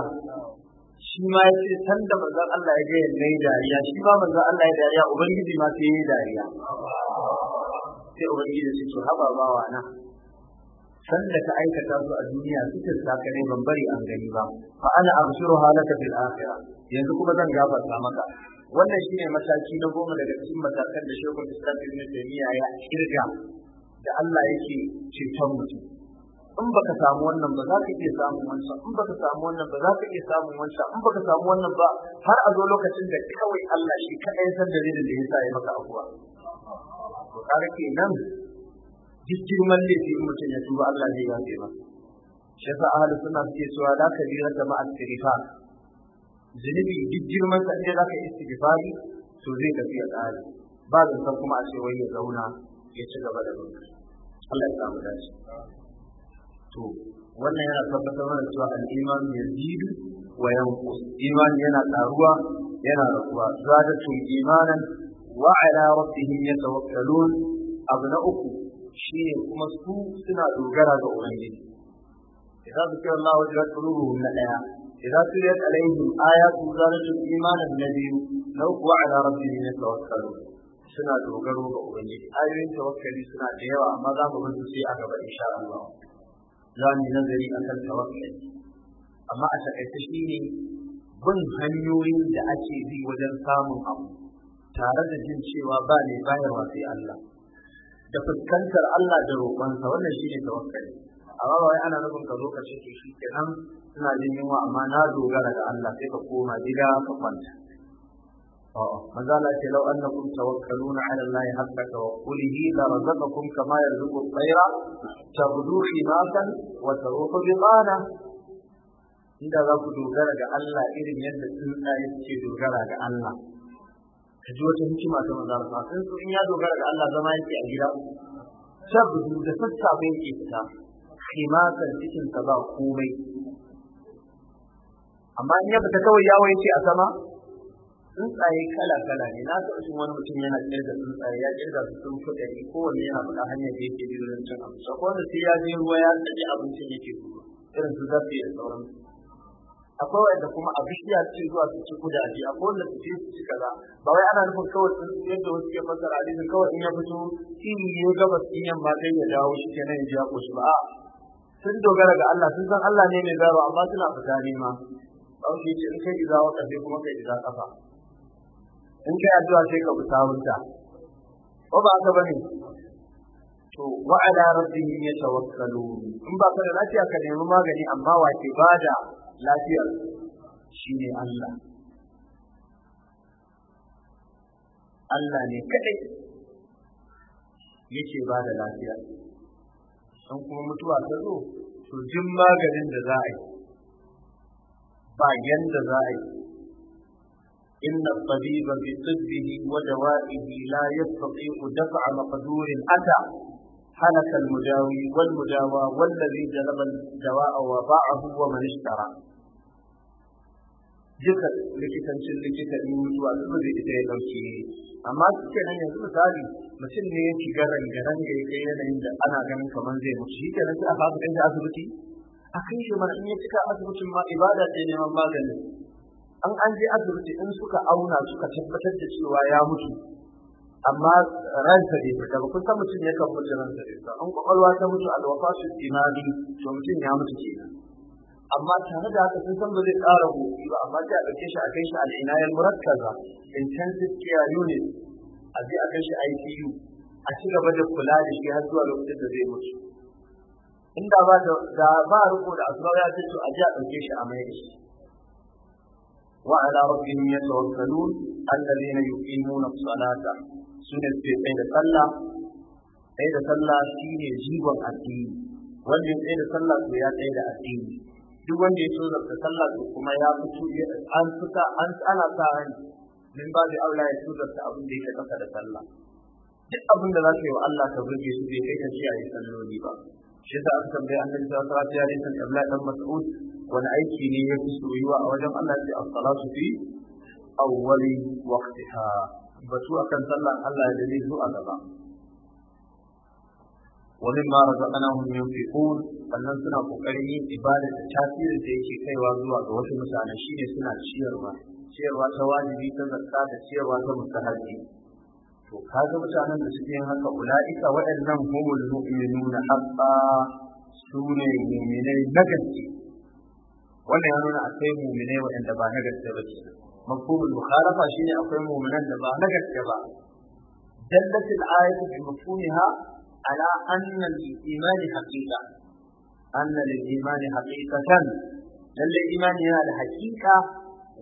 shi ma ya ce san da manzon Allah ya ga yayi dariya shi ma manzon Allah ya dariya ubangiji ma sai yayi dariya sai ubangiji sai to haba ba wa na san da ka aikata su a duniya cikin sakane ban bari an gani ba fa ana abshiru halaka fil akhirah yanzu kuma zan gafarta maka wannan shine mataki na goma daga cikin matakan da shekul islam ibn taymiya ya kirga da Allah yake ceton mutum in baka samu wannan ba za ka iya samun wancan in baka samu wannan ba za ka iya samun wancan in baka samu wannan ba har a zo lokacin da kawai Allah shi kaɗai san dalilin da yasa ya maka abuwa to kare nan jijjirman laifi in mutum ya tuba Allah zai ce ba shi fa ahli sunna suke cewa ka jira da ma'al zunubi jijjirman sa inda za ka istighfari to zai tafi ya ba zan san kuma a ce wai ya zauna ya ci gaba da mulki Allah ya samu dace to wannan yana tabbatar mana cewa al-iman yazidu wa yanqus iman yana karuwa yana raguwa zadatu imanan wa ala rabbihim yatawakkalun abu na uku shine kuma su suna dogara ga ubangiji idan zikra Allah wa jalat qulubuhum na daya idan tuliyat alaihim ayatu zadatu imanan na biyu na uku wa ala rabbihim yatawakkalun suna dogaro ga ubangiji ayoyin tawakkali suna da yawa amma za mu bar su sai a gaba insha Allah za mu nazari kan tawakkali amma a takaice ne, bin hanyoyin da ake bi wajen samun abu tare da jin cewa ba ne bayarwa sai Allah da fuskantar Allah da roƙonsa wannan shine tawakkali amma wai ana nufin ka zo ka ce shi kenan suna jin yunwa amma na dogara ga Allah sai ka koma gida ka kwanta manzo Allah ce law annakum tawakkaluna ala Allah haqqa tawakkulihi la razaqakum kama yarzuqu at-tayra tabdu himasan wa taruhu biqana inda za ku dogara ga Allah irin yadda tsuntsaye suke dogara ga Allah ka ji wata hikima ta manzo Allah tsuntsu in ya dogara ga Allah zama a gida tabdu da sassafe fita ba komai amma in ya ta kawai yawo a sama tsuntsaye kala kala ne na taɓa cin wani mutum yana kirga tsuntsaye ya kirga su sun fi ɗari kowanne yana faɗa hanyar da yake biyu don cin abinci akwai wanda sai ya je ruwa ya tsaye abincin yake kuma, irin su zafi da sauran akwai wanda kuma a bishiya ce zuwa su ci kudaje akwai wanda su ce su ci kaza ba wai ana nufin kawai sun yadda wasu ke fasara hadisin kawai in ya fito in ya gabas in ma sai ya dawo shi kenan ya jiya, ko shi ba sun dogara ga Allah sun san Allah ne mai bayarwa amma suna fita nema ba wanda ce in kai iza waka sai kuma kai iza kafa in kai addu'a sai ka buta wuta ko ba ka bane to wa ala rabbihim yatawakkalu in ba ka da lafiya ka nemi magani amma wa ke bada lafiyar shine Allah Allah ne kadai yake bada lafiya in kuma mutuwa ta zo to jin maganin da za a yi ba yanda za a yi إن الطبيب بطبه ودوائه لا يستطيع دفع مقدور الأذى هلك المداوي والمداوى والذي جلب الدواء وباعه ومن اشترى duka likitancin likita in mutuwa duk zai ita ya dauke amma suke nan yanzu misali mutum ne ya shiga rangaran da ya kai yanayin ana ganin kamar zai mutu shi kenan sai a fasu kai asibiti a kai ya cika asibitin ma ibada ce neman magani an an je asibiti in suka auna suka tabbatar da cewa ya mutu amma ransa bai fita ba kun san mutum ya kan mutu ransa bai fita an kwakwalwa ta mutu alwafatu imani to mutum ya mutu kenan amma tare da haka sun san ba zai ƙara gobe ba amma sai a ɗauke shi a kai shi al'inayar murakkaza intensive care unit a je a kai shi ICU a ci gaba da kula da shi har zuwa lokacin da zai mutu inda ba da ba riko da asuwa ya ce to a je a ɗauke shi a mai da shi وعلى ربهم يتوكلون الذين يقيمون الصلاة سنة في قيد صلى قيد صلى شيء جيوا الدين وجه قيد صلى ويا قيد الدين duk wanda ya so da sallah to kuma ya fito an fita an ana sa hani min ba da ya so abin da yake kasa da sallah duk abin da za yi wa Allah ka burge shi, bai kai ka ce a yi salloli ba shi yasa aka tambaye annabi sallallahu alaihi wasallam ya rinka Abdullahi dan Mas'ud wani aiki ne ya fi soyuwa a wajen Allah ce as-salatu fi awwali waqtiha batu akan sallan Allah ya zai zo gaba wani ma razaqnahum yunfiqun sannan suna kokarin yin ibada da tasirin da yake kaiwa zuwa ga wasu mutane shine suna ciyarwa ciyarwa ta wajibi ta zakka da ciyarwa ta mustahabi to kaga mutanen da suke yin haka ula'ika waɗannan humul mu'minuna haqqa sune mu'minai na gaske wannan ya nuna akwai mu'minai waɗanda ba na gaske ba kenan mafhumul mukhalafa shine akwai mu'minan da ba na gaske ba dallat al-ayatu bi mafhumiha ala anna al-iman haqiqa anna al-iman haqiqatan lalle imani yana da haqiqa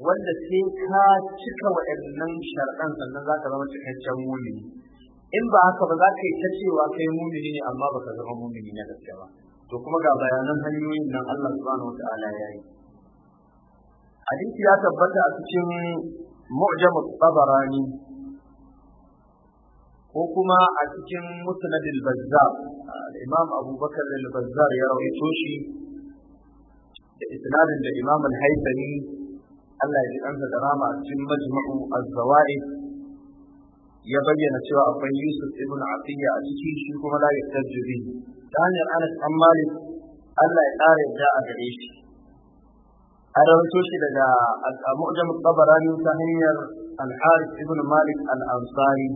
wanda sai ka cika waɗannan sharɗan sannan za ka zama cikakken mumini in ba haka ba za ka yi ta cewa kai mumini ne amma ba ka zama mumini na gaske ba to kuma ga bayanan hanyoyin nan Allah subhanahu wa ta'ala ya yi hadisi ya tabbata a cikin mu'jam tabarani ko kuma a cikin musnad al-bazzar imam abubakar al-bazzar ya rawaito shi da isnadin da imam al-haythami Allah ya ji kansa da rama a cikin majma'u az-zawaid ya bayyana cewa akwai Yusuf ibn Atiyya a cikin shi kuma la yastajib bi ta hanyar Allah ya ƙara yadda a gare shi an rawaito shi daga al-mu'jam al-tabarani ta hanyar al-harith ibn malik al-ansari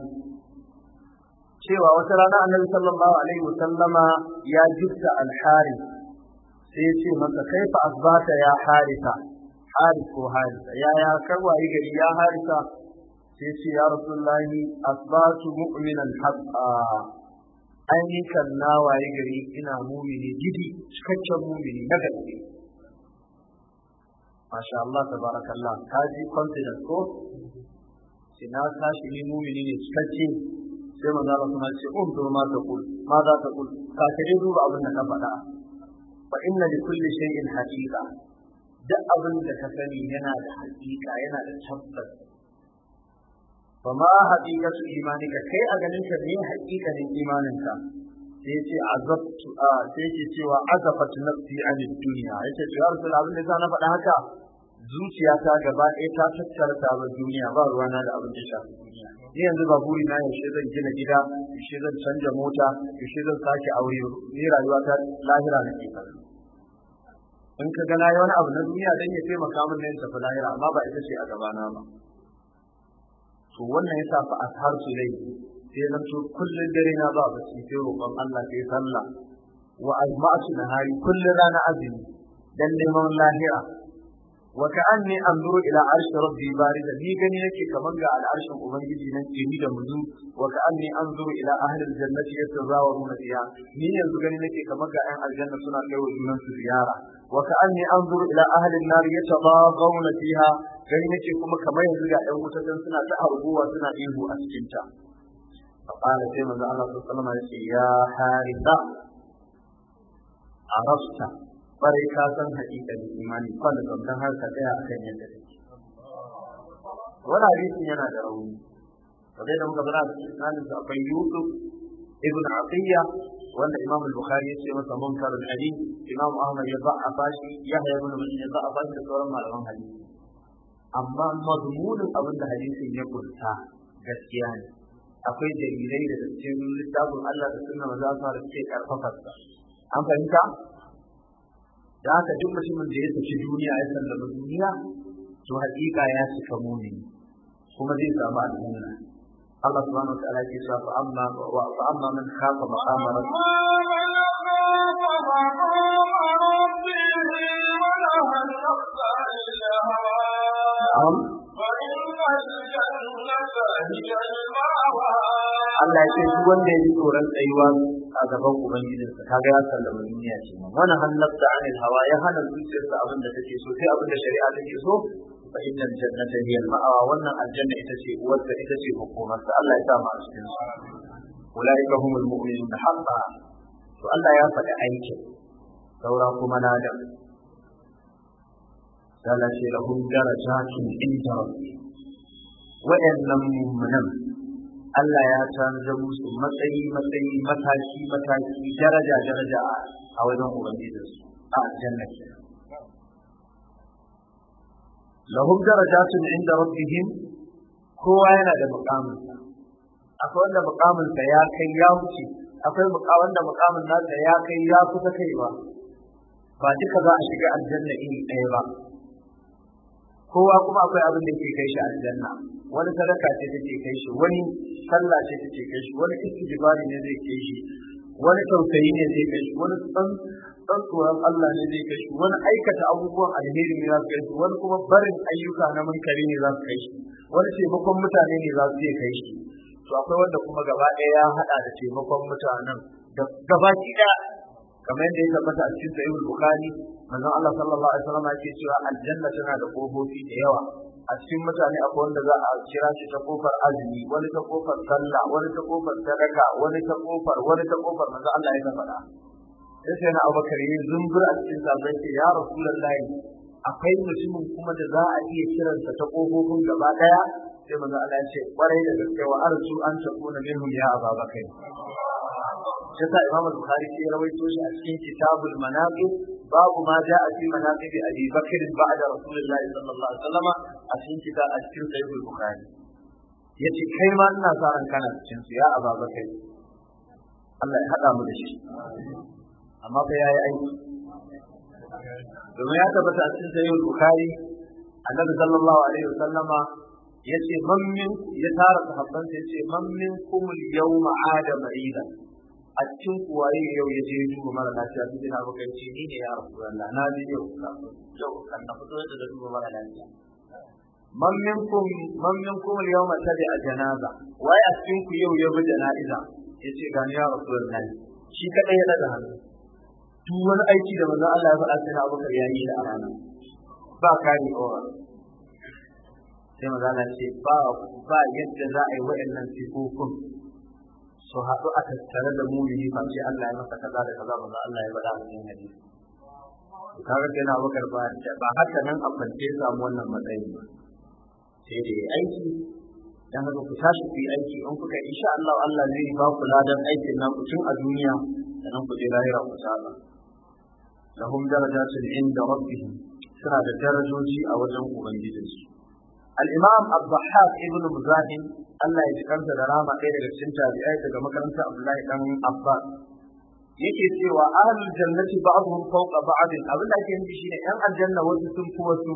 cewa wata rana annabi sallallahu alaihi wasallama ya jibta al-harith sai ya ce masa kai fa asbata ya haritha harith ko haritha ya ya karwaye gari ya haritha sai ya ce ya rasulullahi asbatu mu'minan haqqa ainihin nawaye gari ina mumini gidi cikakken mumini na gaske masha Allah barakallah, ka ji confidence ko sai na tashi ni mumini ne cikakke sai manzo Allah kuma ce um to ma ta kul ma za ta kul ka ka dai duba abin da ka faɗa fa inna li kulli shay'in haqiqa duk abin da ka sani yana da haƙiƙa yana da tabbas fa ma haqiqatu imanika kai a ganin ka ne haƙiƙanin imaninka sai ce azabtu ah, sai ce cewa azafat nafsi an dunya yace ya rasul abin da na faɗa haka zuciya ta gaba ɗaya ta tattara sabon duniya ba ruwana da abin da shafi duniya ni yanzu ba buri na yaushe zan gina gida yaushe zan canja mota yaushe zan sake aure ni rayuwa ta lahira na ke in ka ga yi wani abu na duniya dan ya taimaka min na yin tafi lahira amma ba ita ce a gabana ba to wannan sa fa ashar su dai sai zan to kullum dare na ba bacci sai roƙon Allah sai sallah wa na nahari kullum rana azumi dan neman lahira wa ka'anni anzuru ila arshi rabbi barida ni gani yake kamar ga al'arshin ubangiji nan jini da muzu wa ka'anni anzuru ila ahli aljannati yatazawaruna fiha ni yanzu gani nake kamar ga ɗan aljanna suna kai wa junan su ziyara wa ka'anni anzuru ila ahli an-nar yatadagawna fiha gani nake kuma kamar yanzu ga suna ta suna ihu a cikin ta فقال سيدنا الله صلى الله عليه وسلم يا حارثة عرفت kwarai ka san hakikalin imani kwallon don har ka tsaya akan yadda kake wani hadisin yana da rauni kamar da muka fara cikin sanin da akwai Yusuf ibn Atiyya wanda Imam Bukhari ya ce masa mun munkar hadith Imam Ahmad ya ba'a fashi Yahya ibn Malik ya ba'a fashi da sauran malaman hadisi amma mazmunin abin da hadisin ya kunta gaskiya ne akwai dalilai da cikin littafin Allah da sunna maza su ce karfafa an fahimta da haka duk mutumin da ya saki duniya ya sallama duniya to haƙiƙa ya cika muni kuma zai samu aljanna Allah subhanahu wataala ya ce fa amma wa fa amma man khafa maqama rabbih Allah ya ce wanda ya ji tsoron tsayuwa a gaban ubangijinsa ga ya sallama duniya ce ma wani da anil hawa ya hana zuciyarsa abin da take so sai abin da shari'a take so fa inna jannata hiya al-ma'awa wannan aljanna ita ce uwarsa ita ce hukumarsa Allah ya sa mu a cikin su ulaika humul mu'minun haqqan to Allah ya faɗi aikin saura kuma na da. Sallace ya ce lahum darajatun inda rabbihim wayannan mummunan Allah ya canza musu matsayi matsayi mataki mataki daraja daraja a wajen ubangiji a aljanna lahum darajatun inda rabbihim kowa yana da mukaminsa akwai wanda sa ya kai ya wuce akwai wanda mukamin nasa ya kai ya kusa kaiwa ba duka za a shiga aljanna iri ɗaya ba kowa kuma akwai abin da ke kai shi aljanna wani sadaka ce take kai shi wani sallah ce take kai shi wani istighfari ne zai kai shi wani tausayi ne zai kai shi wani tsan tsoron Allah ne zai kai shi wani aikata abubuwan alheri ne za su kai shi wani kuma barin ayyuka na munkari ne za su kai shi wani taimakon mutane ne za su iya kai shi to akwai wanda kuma gaba ɗaya ya haɗa da taimakon mutanen gaba ɗaya kamar yadda ya tabbata a cikin sahihul bukhari manzon Allah sallallahu alaihi wasallam yake cewa aljanna tana da ƙofofi da yawa a cikin mutane akwai wanda za a kira shi ta kofar azumi wani ta kofar sallah wani ta kofar sadaka wani ta kofar wani ta kofar maza Allah ya faɗa sai sai na Abubakar yi zumbur a cikin sabbai ce ya Rasulullahi akwai mutumin kuma da za a iya kiransa ta kofofin gaba daya sai maza Allah ya ce kwarai da gaske wa arzu an takuna minhum ya Abubakar shi sa Imam Bukhari sai rawaito shi a cikin Kitabul Manaqib babu ma a cikin manaqib Abi Bakr ba'da Rasulullahi sallallahu alaihi wasallam a cikin kitab a cikin Sahih Bukhari yace kai ma ina sa ran kana cikin su ya Abu Bakr Allah ya hada mu da shi amma fa yayi aiki domin ya tabbata a cikin Sahih Bukhari Annabi sallallahu alaihi wasallama yace man min ya tara sahabban yace man min kumul yawma ada maridan a cikin kuwaye yau ya je duba mara lafiya duk ina baka ce ni ne ya rabu Allah na ji yau yau kan na fito da duba mara lafiya man minkum man minkum al-yawma tabi'a janaza wai a cikin ku yau ya bi janaza yace ga ni ya rabu Allah shi kada ya daga hannu duk wani aiki da manzo Allah ya faɗa sai na Bakar ya yi da amana ba kare ko sai manzo Allah ce ba ba yadda za a yi wa'annan sifofin su haɗu a tattare da mumini ba ce Allah ya masa kaza da kaza ba Allah ya bada mu cikin hadisi kaga sai na bakar ba ba haka nan a fance samu wannan matsayin ba sai da ya aiki dan haka ku tashi ku yi aiki in kuka insha Allah Allah zai ba ku ladan aikin nan ku tun a duniya sannan ku je lahira ku saba lahum darajatun inda rabbihim suna da darajoji a wajen ubangijinsu al-imam abdahab ibn muzahim Allah ya ji da rama ɗaya daga cikin tabi'ai daga makarantar abdullahi dan abbas yake cewa ahlul jannati ba'dhum fawqa ba'd abin da ake nufi shine yan aljanna wasu sun fi wasu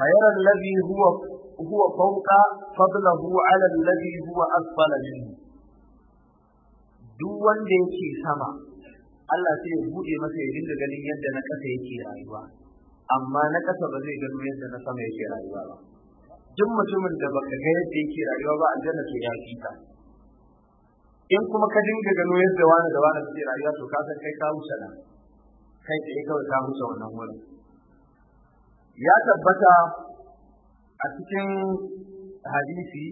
khayra alladhi huwa huwa fawqa fadlahu 'ala alladhi huwa asfala minhu duk wanda yake sama Allah sai ya bude masa ya dinga ganin yadda na kasa yake rayuwa amma na ƙasa ba zai gano yadda na sama yake rayuwa ba duk mutumin da baka ga yadda yake rayuwa ba aljanna to ya fi ta in kuma ka dinga gano yadda wani da wani suke rayuwa to ka san kai ka wuce nan kai tsaye kawai ka wuce wannan wurin ya tabbata a cikin hadisi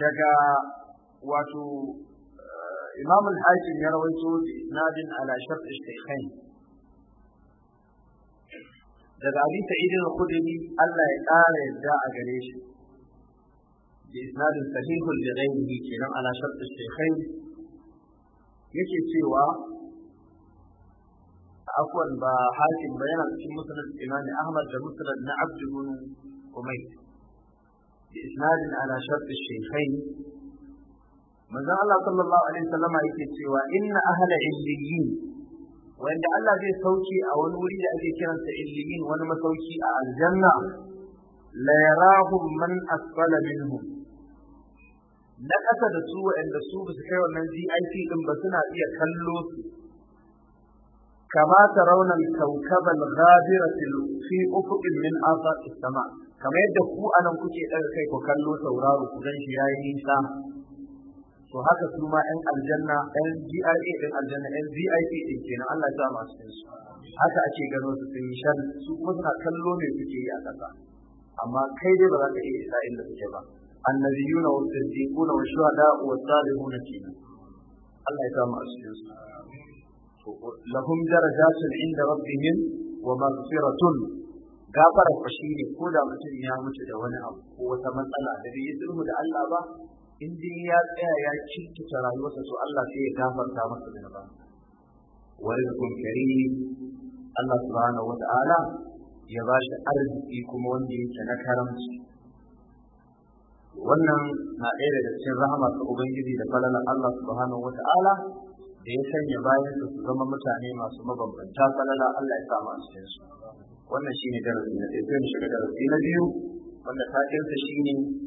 daga wato eh, imam al-hakim ya rawaito bi isnadin ala shart al-shaykhain daga abin sa'idin al-khudri Allah ya ƙara yadda a gare shi bi isnadin sahihun da ghairihi kenan ala shart shaykhain yake cewa afwan ba hakim ba yana cikin musnad Imam Ahmad da musnad na Abd ibn Umayr bi isnadin ala shart shaykhain manzo Allah sallallahu alaihi wasallam yake cewa inna ahla illiyin wanda Allah zai sauke a wani wuri da ake kiransa illiyin wani masauki a aljanna la yarahum man asfala minhum na kasa da su waɗanda su ba su kai wannan VIP din ba suna iya kallo su kama tarawna al-kawkab al fi ufuqin min afaq sama kamar yadda ku anan kuke daga kai ku kallo sauraro ku gan shi yayi nisa to haka su ma yan aljanna yan GRA din aljanna yan VIP ɗin kenan Allah ya masu cikin su haka ake gano su sun yi shan su kuma suna kallo ne suke yi a ƙasa. amma kai dai ba za ka iya isa inda suke ba na annabiyuna wa siddiquna wasu shuhada wa salihuna kenan Allah ya masu cikin su lahum darajatun inda rabbihim wa maghfiratun gafara ku shine ko da mutum ya mutu da wani abu ko wata matsala da bai yi sulhu da Allah ba in dai ya tsaya ya cikkita rayuwarsa to Allah sai ya gafarta masa da ba wa rizqun karim Allah subhanahu wata'ala ya ba shi arziki kuma wanda yake na karamci wannan na ɗaya daga cikin rahama ta ubangiji da falalar Allah subhanahu wata'ala da ya sanya bayan su zama mutane masu mabambanta falala Allah ya sa mu a cikin su wannan shine darasi na ɗaya sai mu shiga darasi na biyu wanda ta shi shine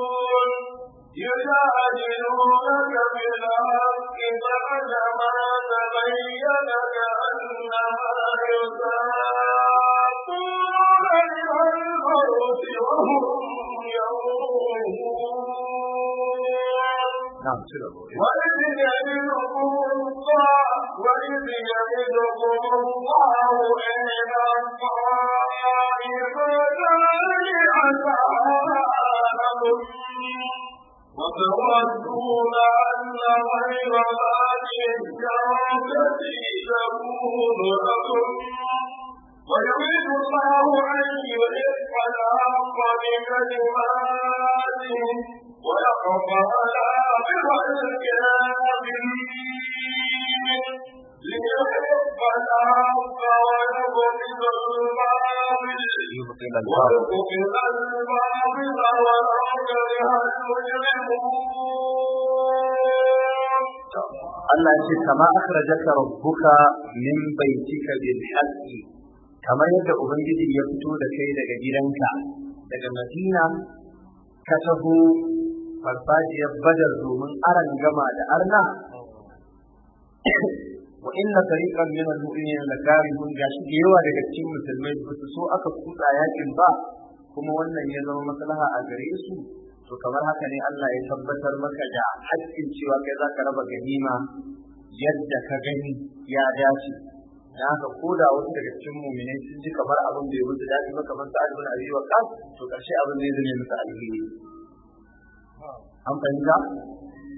يجادلونك بالحق بعد ما تبين كأنما يساقون إلى الموت وهم نعم، وإذ يمدكم الله وإذ يمدكم الله إلى الطائفة عسى أن وتودون أن غير هذه الدرجة تكون لكم ويريد الله أن يحق الحق بكلماته ويقطع دابر الكافرين ليحب الحق ويبغض الباطل ويبغض الباطل ولو Allah ce kama akhrajaka rabbuka min baitika bil haqqi kamar yadda ubangiji ya fito da kai daga gidanka daga Madina ka farfajiyar Badar domin aran gama da arna wa inna fariqan min al-mu'minina lakarihun gashi da yawa daga cikin musulmai ba su so aka kutsa yakin ba kuma wannan ya zama maslaha a gare su to kamar haka ne Allah ya tabbatar maka da haƙƙin cewa kai za ka raba ganima yadda ka gani ya dace da haka ko da wasu daga cikin muminai sun ji kamar abin bai musu daɗi ba kamar sa'ad bin abi waqas to ƙarshe abin zai zame musu alheri an fahimta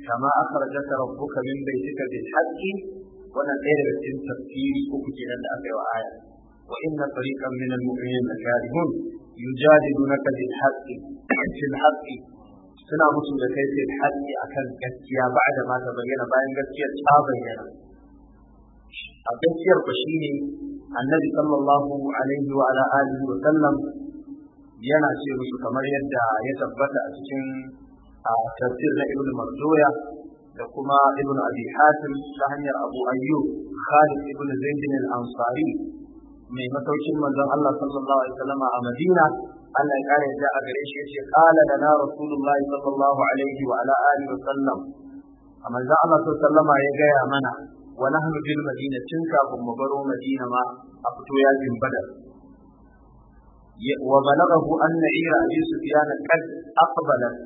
kama akhrajaka rabbuka min baytika bil haqqi wannan ɗaya daga cikin tafsiri uku kenan da aka yi wa aya wa inna fariqan min al-mu'minin karihun yujadilunaka bil haqqi fil haqqi suna musu da kai fil haqqi akan gaskiya ba'da ma ta bayyana bayan gaskiyar ta bayyana a gaskiyar ku shine annabi sallallahu alaihi wa ala alihi wa sallam yana ce musu kamar yadda ya tabbata a cikin a tafsir na ibnu marzuya da kuma ibn abi hatim ta hanyar abu ayyub khalid ibn zaid al-ansari mai masaukin manzon Allah sallallahu alaihi wasallam a Madina Allah ya kare da a gare shi yace qala lana rasulullah sallallahu alaihi wa ala alihi wa sallam amma da Allah sallallahu alaihi ya gaya mana wa nahnu bil madina tun kafin mu baro madina ma a fito yakin badar wa balaghahu anna ira abi sufyan qad aqbalat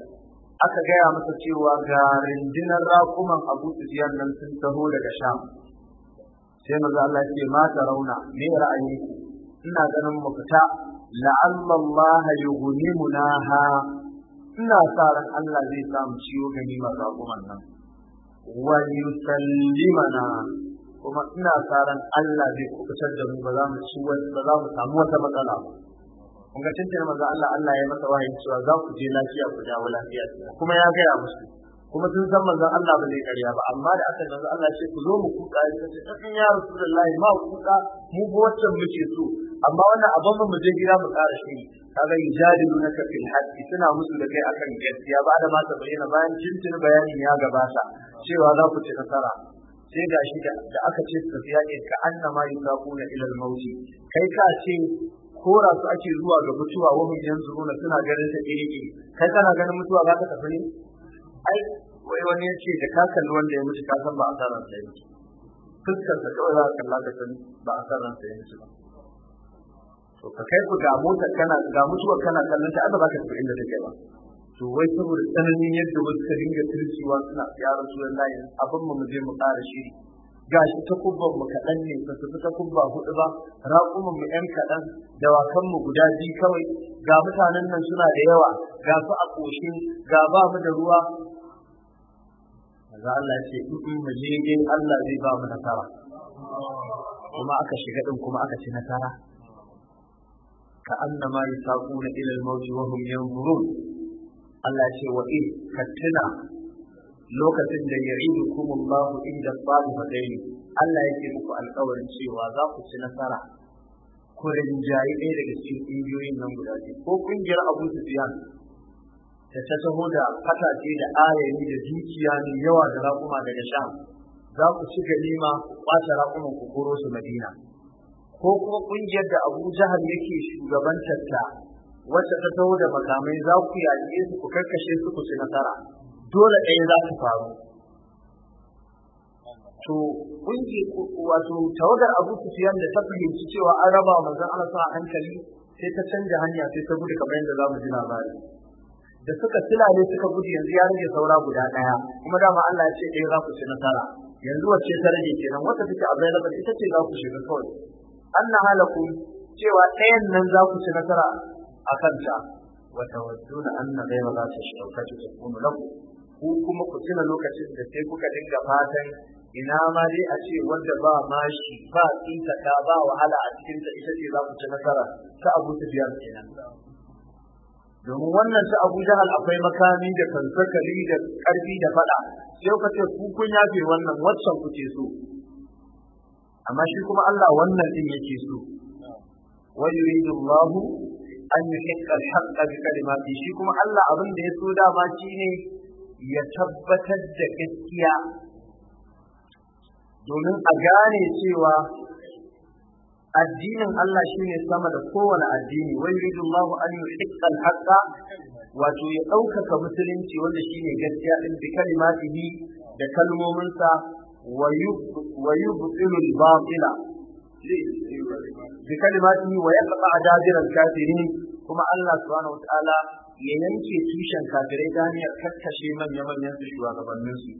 aka gaya masa cewa ga rindinar rakuman Abu Sufyan nan sun taho daga Sham sai maza Allah ya ce ma rauna me ra'ayi ina ganin mu fita la'alla Allah ha? ina sa ran Allah zai samu ciwo gani ganimar rakuman nan wa yusallimana kuma ina sa ran Allah zai kubutar da mu ba za mu ci ba za mu samu wata matsala ba kun ga tuntun manzo Allah Allah ya masa wahayi cewa za ku je lafiya ku dawo lafiya kuma ya gaya musu kuma sun san manzon Allah ba zai karya ba amma da aka manzon Allah ce ku zo mu kuka ya ce kafin ya rasulullahi ma kuka mu ba wacce muke so amma wannan abin ba mu je gida mu ƙara shi kaga yujadilunaka fil haqqi suna musu da kai akan gaskiya ba da ma ta bayyana bayan tuntun bayanin ya gabata cewa za ku ci nasara sai ga shi da aka ce su tafi ka annama yusaquna ila al-mauti kai ka ce kora su ake zuwa ga mutuwa wa yan zuru na suna ganin ta iri iri kai kana ganin mutuwa za ka tafi ne ai wai wani ya ce da kalli wanda ya mutu san ba a tsaran sa yake fuskar sa kawai za ka kalla da san ba a tsaran sa mutu ba to ka kai ku ga motar kana ga mutuwa kana kallon ta ba ka tafi inda take ba to wai saboda tsananin yadda wasu ka dinga turciwa suna ya rasu da layin abin mu je mu ƙara shiri ga shi ta kubban mu kaɗan ne ba su fi ta kubba hudu ba raƙumin mu ƴan kaɗan dawakan mu guda biyu kawai ga mutanen nan suna da yawa ga su a ƙoshin ga ba mu da ruwa Maza Allah ce in mu je dai Allah zai ba mu nasara kuma aka shiga din kuma aka ci nasara ka ma yasaquna ila al-mawt wa hum yanzurun Allah ce wa in tuna. lokacin da ya yi hukumullahu inda sabu hadaini Allah yake muku alƙawarin cewa za ku ci nasara ku rinjayi ɗaya daga cikin ƙungiyoyin nan guda biyu ko ƙungiyar Abu Sufyan da ta taho da fatace da ayari da dukiya mai yawa da raƙuma daga Sham za ku ci ganima ku ƙwace raƙuman ku koro su Madina ko kuma ƙungiyar da Abu Jahal yake shugabantar ta wacce ta taho da makamai za ku yaƙe su ku karkashe su ku ci nasara dole ɗaya za ta faru to kun ke wato tawagar Abu Sufyan da ta fahimci cewa an raba manzon ana sa hankali sai ta canja hanya sai ta gudu kamar yadda za mu ji labari da suka ne suka gudu yanzu ya rage saura guda ɗaya kuma dama Allah ya ce ɗaya eh, za ku ci nasara yanzu wacce ta rage kenan wata take available ita ce za ku shiga kawai na halakum cewa ɗayan nan za ku ci nasara a kanta wata an na gaiwa za ta shauka ta kuma lafu. ku kuma ku tuna lokacin da sai kuka dinga fatan ina ma dai a ce wanda ba mashi ba ta ba wahala a cikin da ita ce za ku ci nasara ta abu ta biyar kenan domin wannan ta abu jahal akwai makami da kansakali da karfi da fada sai ka ce ku kun yafe wannan waccan kuke so amma shi kuma Allah wannan din yake so wa yuridu Allahu an yuhiqqa al-haqqa bi kalimati shi kuma Allah abin da ya so dama shine ya tabbatar da gaskiya domin a gane cewa addinin Allah shi ne sama da kowane addini wa yuridu Allahu an yuhiqqa al-haqqa wato ya ɗaukaka musulunci wanda shi ne gaskiya din bi kalimatihi da kalmominsa wa yubtilu al-batila bi kalimatihi wa yaqta'a dabira al-kafirin kuma Allah subhanahu wa ta'ala ya yanke tushen kafirai ta hanyar kakkashe manya-manyan su shugabannin su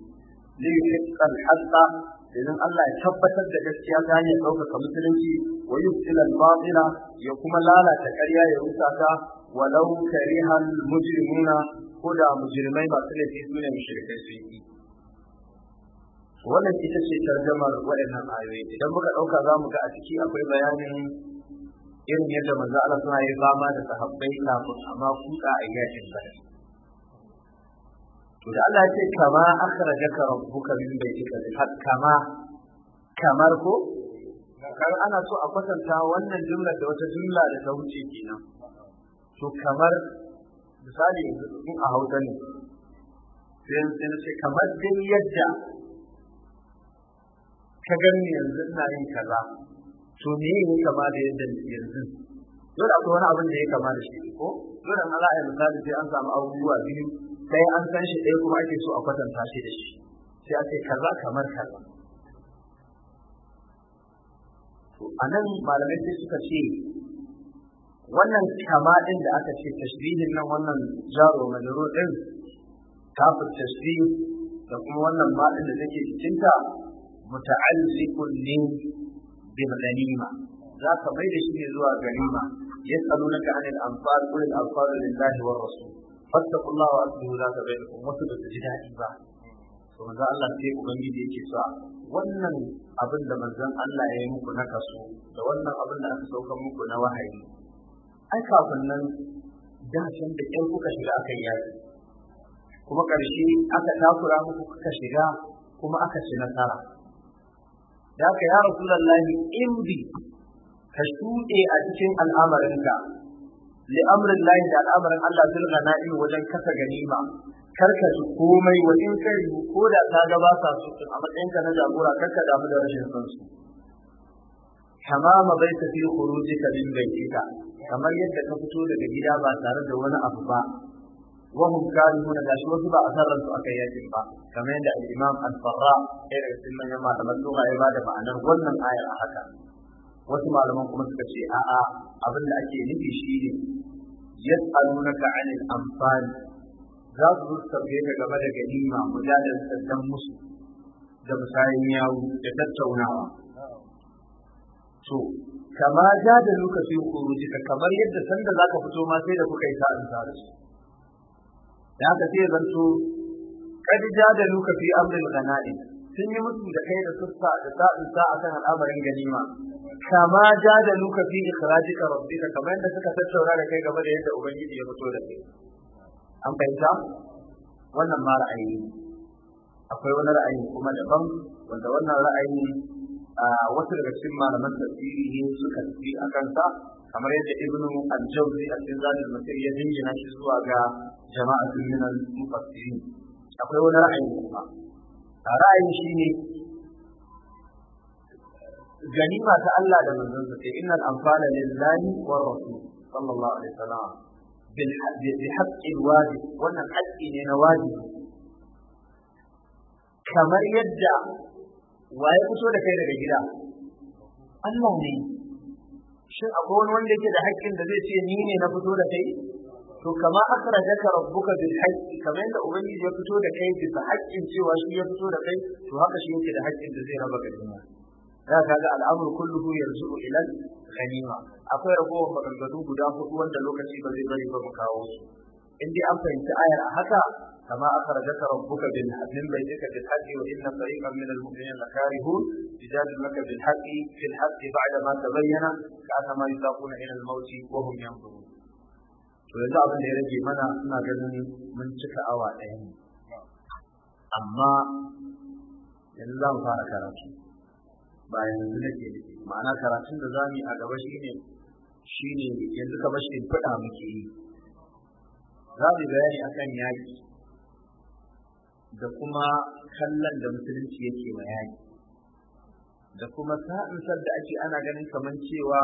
idan Allah ya tabbatar da gaskiya ta hanyar ɗaukaka musulunci wa yubtil al-batila ya kuma lalata ƙarya ya rusa ta walau karihal mujrimuna ko da mujrimai su laifi su ne mushrikai su yi wannan ita ce tarjamar waɗannan ayoyi idan muka ɗauka za mu ga a ciki akwai bayanin irin yadda manzo Allah suna yi fama da sahabbai kafin amma kuka a yakin badar to da Allah ce kama akhrajaka rabbuka min baytika bil kama kamar ko kar ana so a kwatanta wannan jumla da wata jumla da ta wuce kenan to kamar misali in a hausa ne sai sai ce kamar dai yadda ka ganni yanzu ina yin kaza to me ne kama da yadda yanzu dole akwai wani abin da ya kama da shi ko dole an ala misali sai an samu abubuwa biyu sai an san shi ɗaya kuma ake so a kwatanta shi da shi sai a ce kaza kamar kaza to anan malamai sai suka ce wannan kama ɗin da aka ce tashbihin nan wannan jaro majaro ɗin kafin tashbihin da kuma wannan maɗin da take jikinta muta'alliqun ne bil ganima za ka mai da shi ne zuwa ganima ya tsaro na ganin alfar kulin alfar da zai wa rasul fatta kullahu wa asbihu za ka bai kuma su da ji dadi ba to manzo Allah sai ubangiji yake sa wannan abinda da manzon Allah ya yi muku na kaso da wannan abin da aka sauka muku na wahayi ai kafin nan da san da kai kuka shiga akan yayi kuma karshe aka takura muku kuka shiga kuma aka ci nasara da haka ya in bi ka shuɗe a cikin al'amarinka li amrin lahi da al'amarin Allah zul ghana'im wajen kasa ganima kar ka ji komai wa in kai ko da ka ga ba sa su a matsayin ka na jagora kar ka damu da rashin son su tamama baita fi khurujika min baitika kamar yadda ka fito daga gida ba tare da wani abu ba وهم كارهون ذلك وسبع أثر أكيات با كما عند الإمام الفراء إلى السنة يما تمسوها عبادة معنى ولن آية أحكا wasu malaman kuma suka ce a'a abin da ake nufi shine yas'alunaka 'anil anfal za su tambaye ka game da musu da musayin yawo da tattaunawa to kama ja da lokaci ka kamar yadda sanda zaka fito ma sai da kuka yi sa'an da su da haka sai zanto kad jadaluka fi amril ghanaim sun yi musu da kai da sussa da sa'in sa akan al'amarin ganima kama ja da luka fi ikhrajika rabbika kamar yadda suka tattauna da kai game da yadda ubangiji ya fito da kai an fahimta wannan ma ra'ayi akwai wani ra'ayi kuma daban wanda wannan ra'ayi wasu daga cikin malaman tafsiri ne suka fi a kansa kamar yadda ibnu al-jawzi a cikin zalil masir ya dingina shi zuwa ga جماعة من المفسرين akwai wani ra'ayin kuma Ta ra'ayin shi ne ganima ta Allah da manzonsa ce innal anfala lillahi wa rasul sallallahu alaihi wasallam bil haqqi wajib wannan haqqi ne na wajibi kamar yadda waye fito da kai daga gida Allah ne shin akwai wani wanda yake da haƙƙin da zai ce ni ne na fito da kai to kama akara daga rabbuka bil haqqi kamar inda ubangiji ya fito da kai bisa haƙƙin cewa shi ya fito da kai to haka shi yake da haƙƙin da zai raba ganima da kaga al'amru kulluhu yarzu'u ila al-ghanima akwai ragowar maganganu guda hudu wanda lokaci ba zai bari ba mu kawo su in dai an fahimci ayar a haka kama akara daga rabbuka bil haqqi bai dika bil haqqi wa inna fariqan min al mu'minina lakarihun jidalunaka bil haqqi fil haqqi ba'da ma tabayyana ka annama yusaquna ila al mawt wa hum yanzurun to yanzu abin da ya rage mana suna ganin mun cika awa ɗaya ne amma yanzu za mu fara karatu ba yanzu nake ma'ana karatun da za mu yi a gaba shi ne yanzu kamar shi faɗa muke yi za mu bayani akan yaƙi da kuma kallon da musulunci yake ma yaƙi da kuma sa'insar da ake ana ganin kamar cewa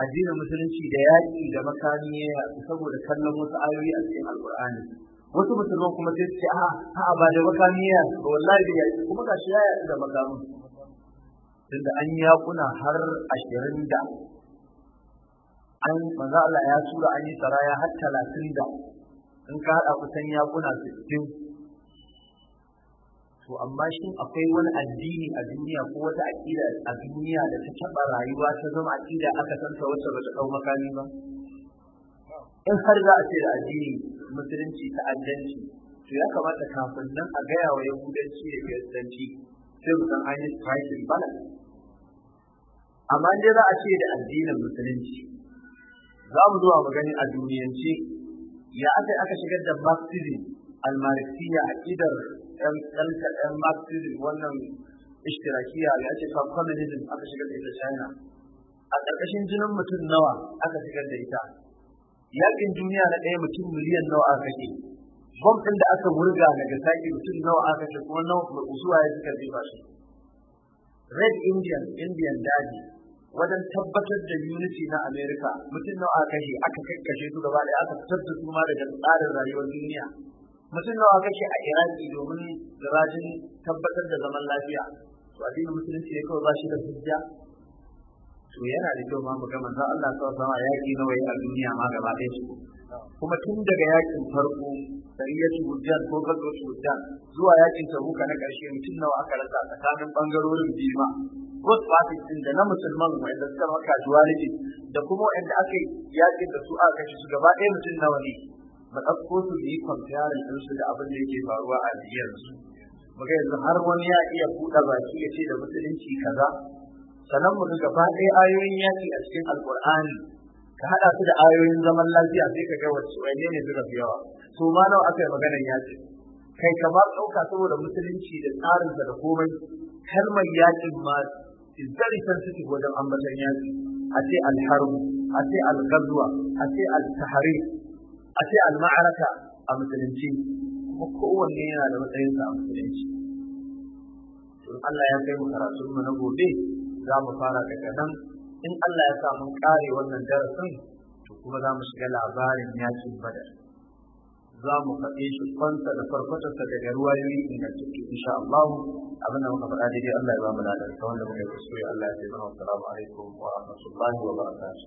addinin musulunci da yaƙi da makamiya ya saboda kallon wasu ayoyi a cikin alƙur'ani wasu musulman kuma sai su ce a a ba da makamiya ba wallahi da yaƙi kuma gashi ya yaƙi da makamin tunda an yaƙuna har ashirin da an maza Allah ya tura an yi saraya har talatin da in ka haɗa kusan yaƙuna sittin to amma shin akwai wani addini a duniya ko wata aƙida a duniya da ta taɓa rayuwa ta zama aƙida aka ta wacce ba ta ɗau makami ba in har za a ce da addini musulunci ta addanci to ya kamata kafin nan a gaya wa yahudanci da kiristanci sai mu san an yi striking balance amma in za a ce da addinin musulunci za mu zuwa mu gani a duniyance ya aka aka shigar da baptism al-marxiyya aqidar ɗan ɗan kaɗan marxism wannan ishtirakiya da ake kan communism aka shigar da ita china a ƙarƙashin jinin mutum nawa aka shigar da ita yakin duniya na ɗaya mutum miliyan nawa aka kashe bom ɗin da aka wurga daga saki mutum nawa aka kashe kuma nawa zuwa ya suka jefa shi red indian indian daji wajen tabbatar da unity na america mutum nawa aka kashe aka kakkashe su gaba ɗaya aka fitar da su ma daga tsarin rayuwar duniya mutum nawa kake a iraki domin rajin tabbatar da zaman lafiya to addinin musulunci ne kawai ba shi da hujja to yana da kyau ma mu ga manzon Allah sallallahu alaihi wasallam yaki nawa a duniya ma gaba ɗaya su kuma tun daga yakin farko sariyatu hujjan ko gazwatu hujjan zuwa yakin tabuka na ƙarshe mutum nawa aka rasa tsakanin bangarorin biyu ma both parties din da na musulman da suka maka duality da kuma wanda aka yakin da su aka kashe su gaba ɗaya mutum nawa ne mu ɗauko su mu yi kwamfiyarin ɗinsu da abin da yake faruwa a jiyarsu mu yanzu har wani ya iya buɗe baki ya ce da musulunci kaza sannan mu ga gaba ɗaya ayoyin yaƙi a cikin alƙur'ani ka haɗa su da ayoyin zaman lafiya sai ka ga wasu wani ne suka fi yawa to ma nawa aka yi maganar yaƙi kai ka ba ɗauka saboda musulunci da tsarinsa da komai kalmar yaƙin ma is very sensitive wajen ambatan yaƙi a ce alharu a ce algazuwa a ce altahari a ce al-ma'araka a musulunci kuma kowanne yana da matsayinsa a musulunci in Allah ya kai mu karatun mu na gobe za mu fara daga nan in Allah ya sa mun kare wannan darasin to kuma za mu shiga labarin yakin badar za mu faɗe shi kwanta da farfatarsa daga ruwa ruwayoyi ingantattu insha Allah abin da muka faɗa daidai Allah ya ba mu ladan ta wanda muka yi kuskure Allah ya taimaka wa assalamu alaikum wa rahmatullahi wa barakatuh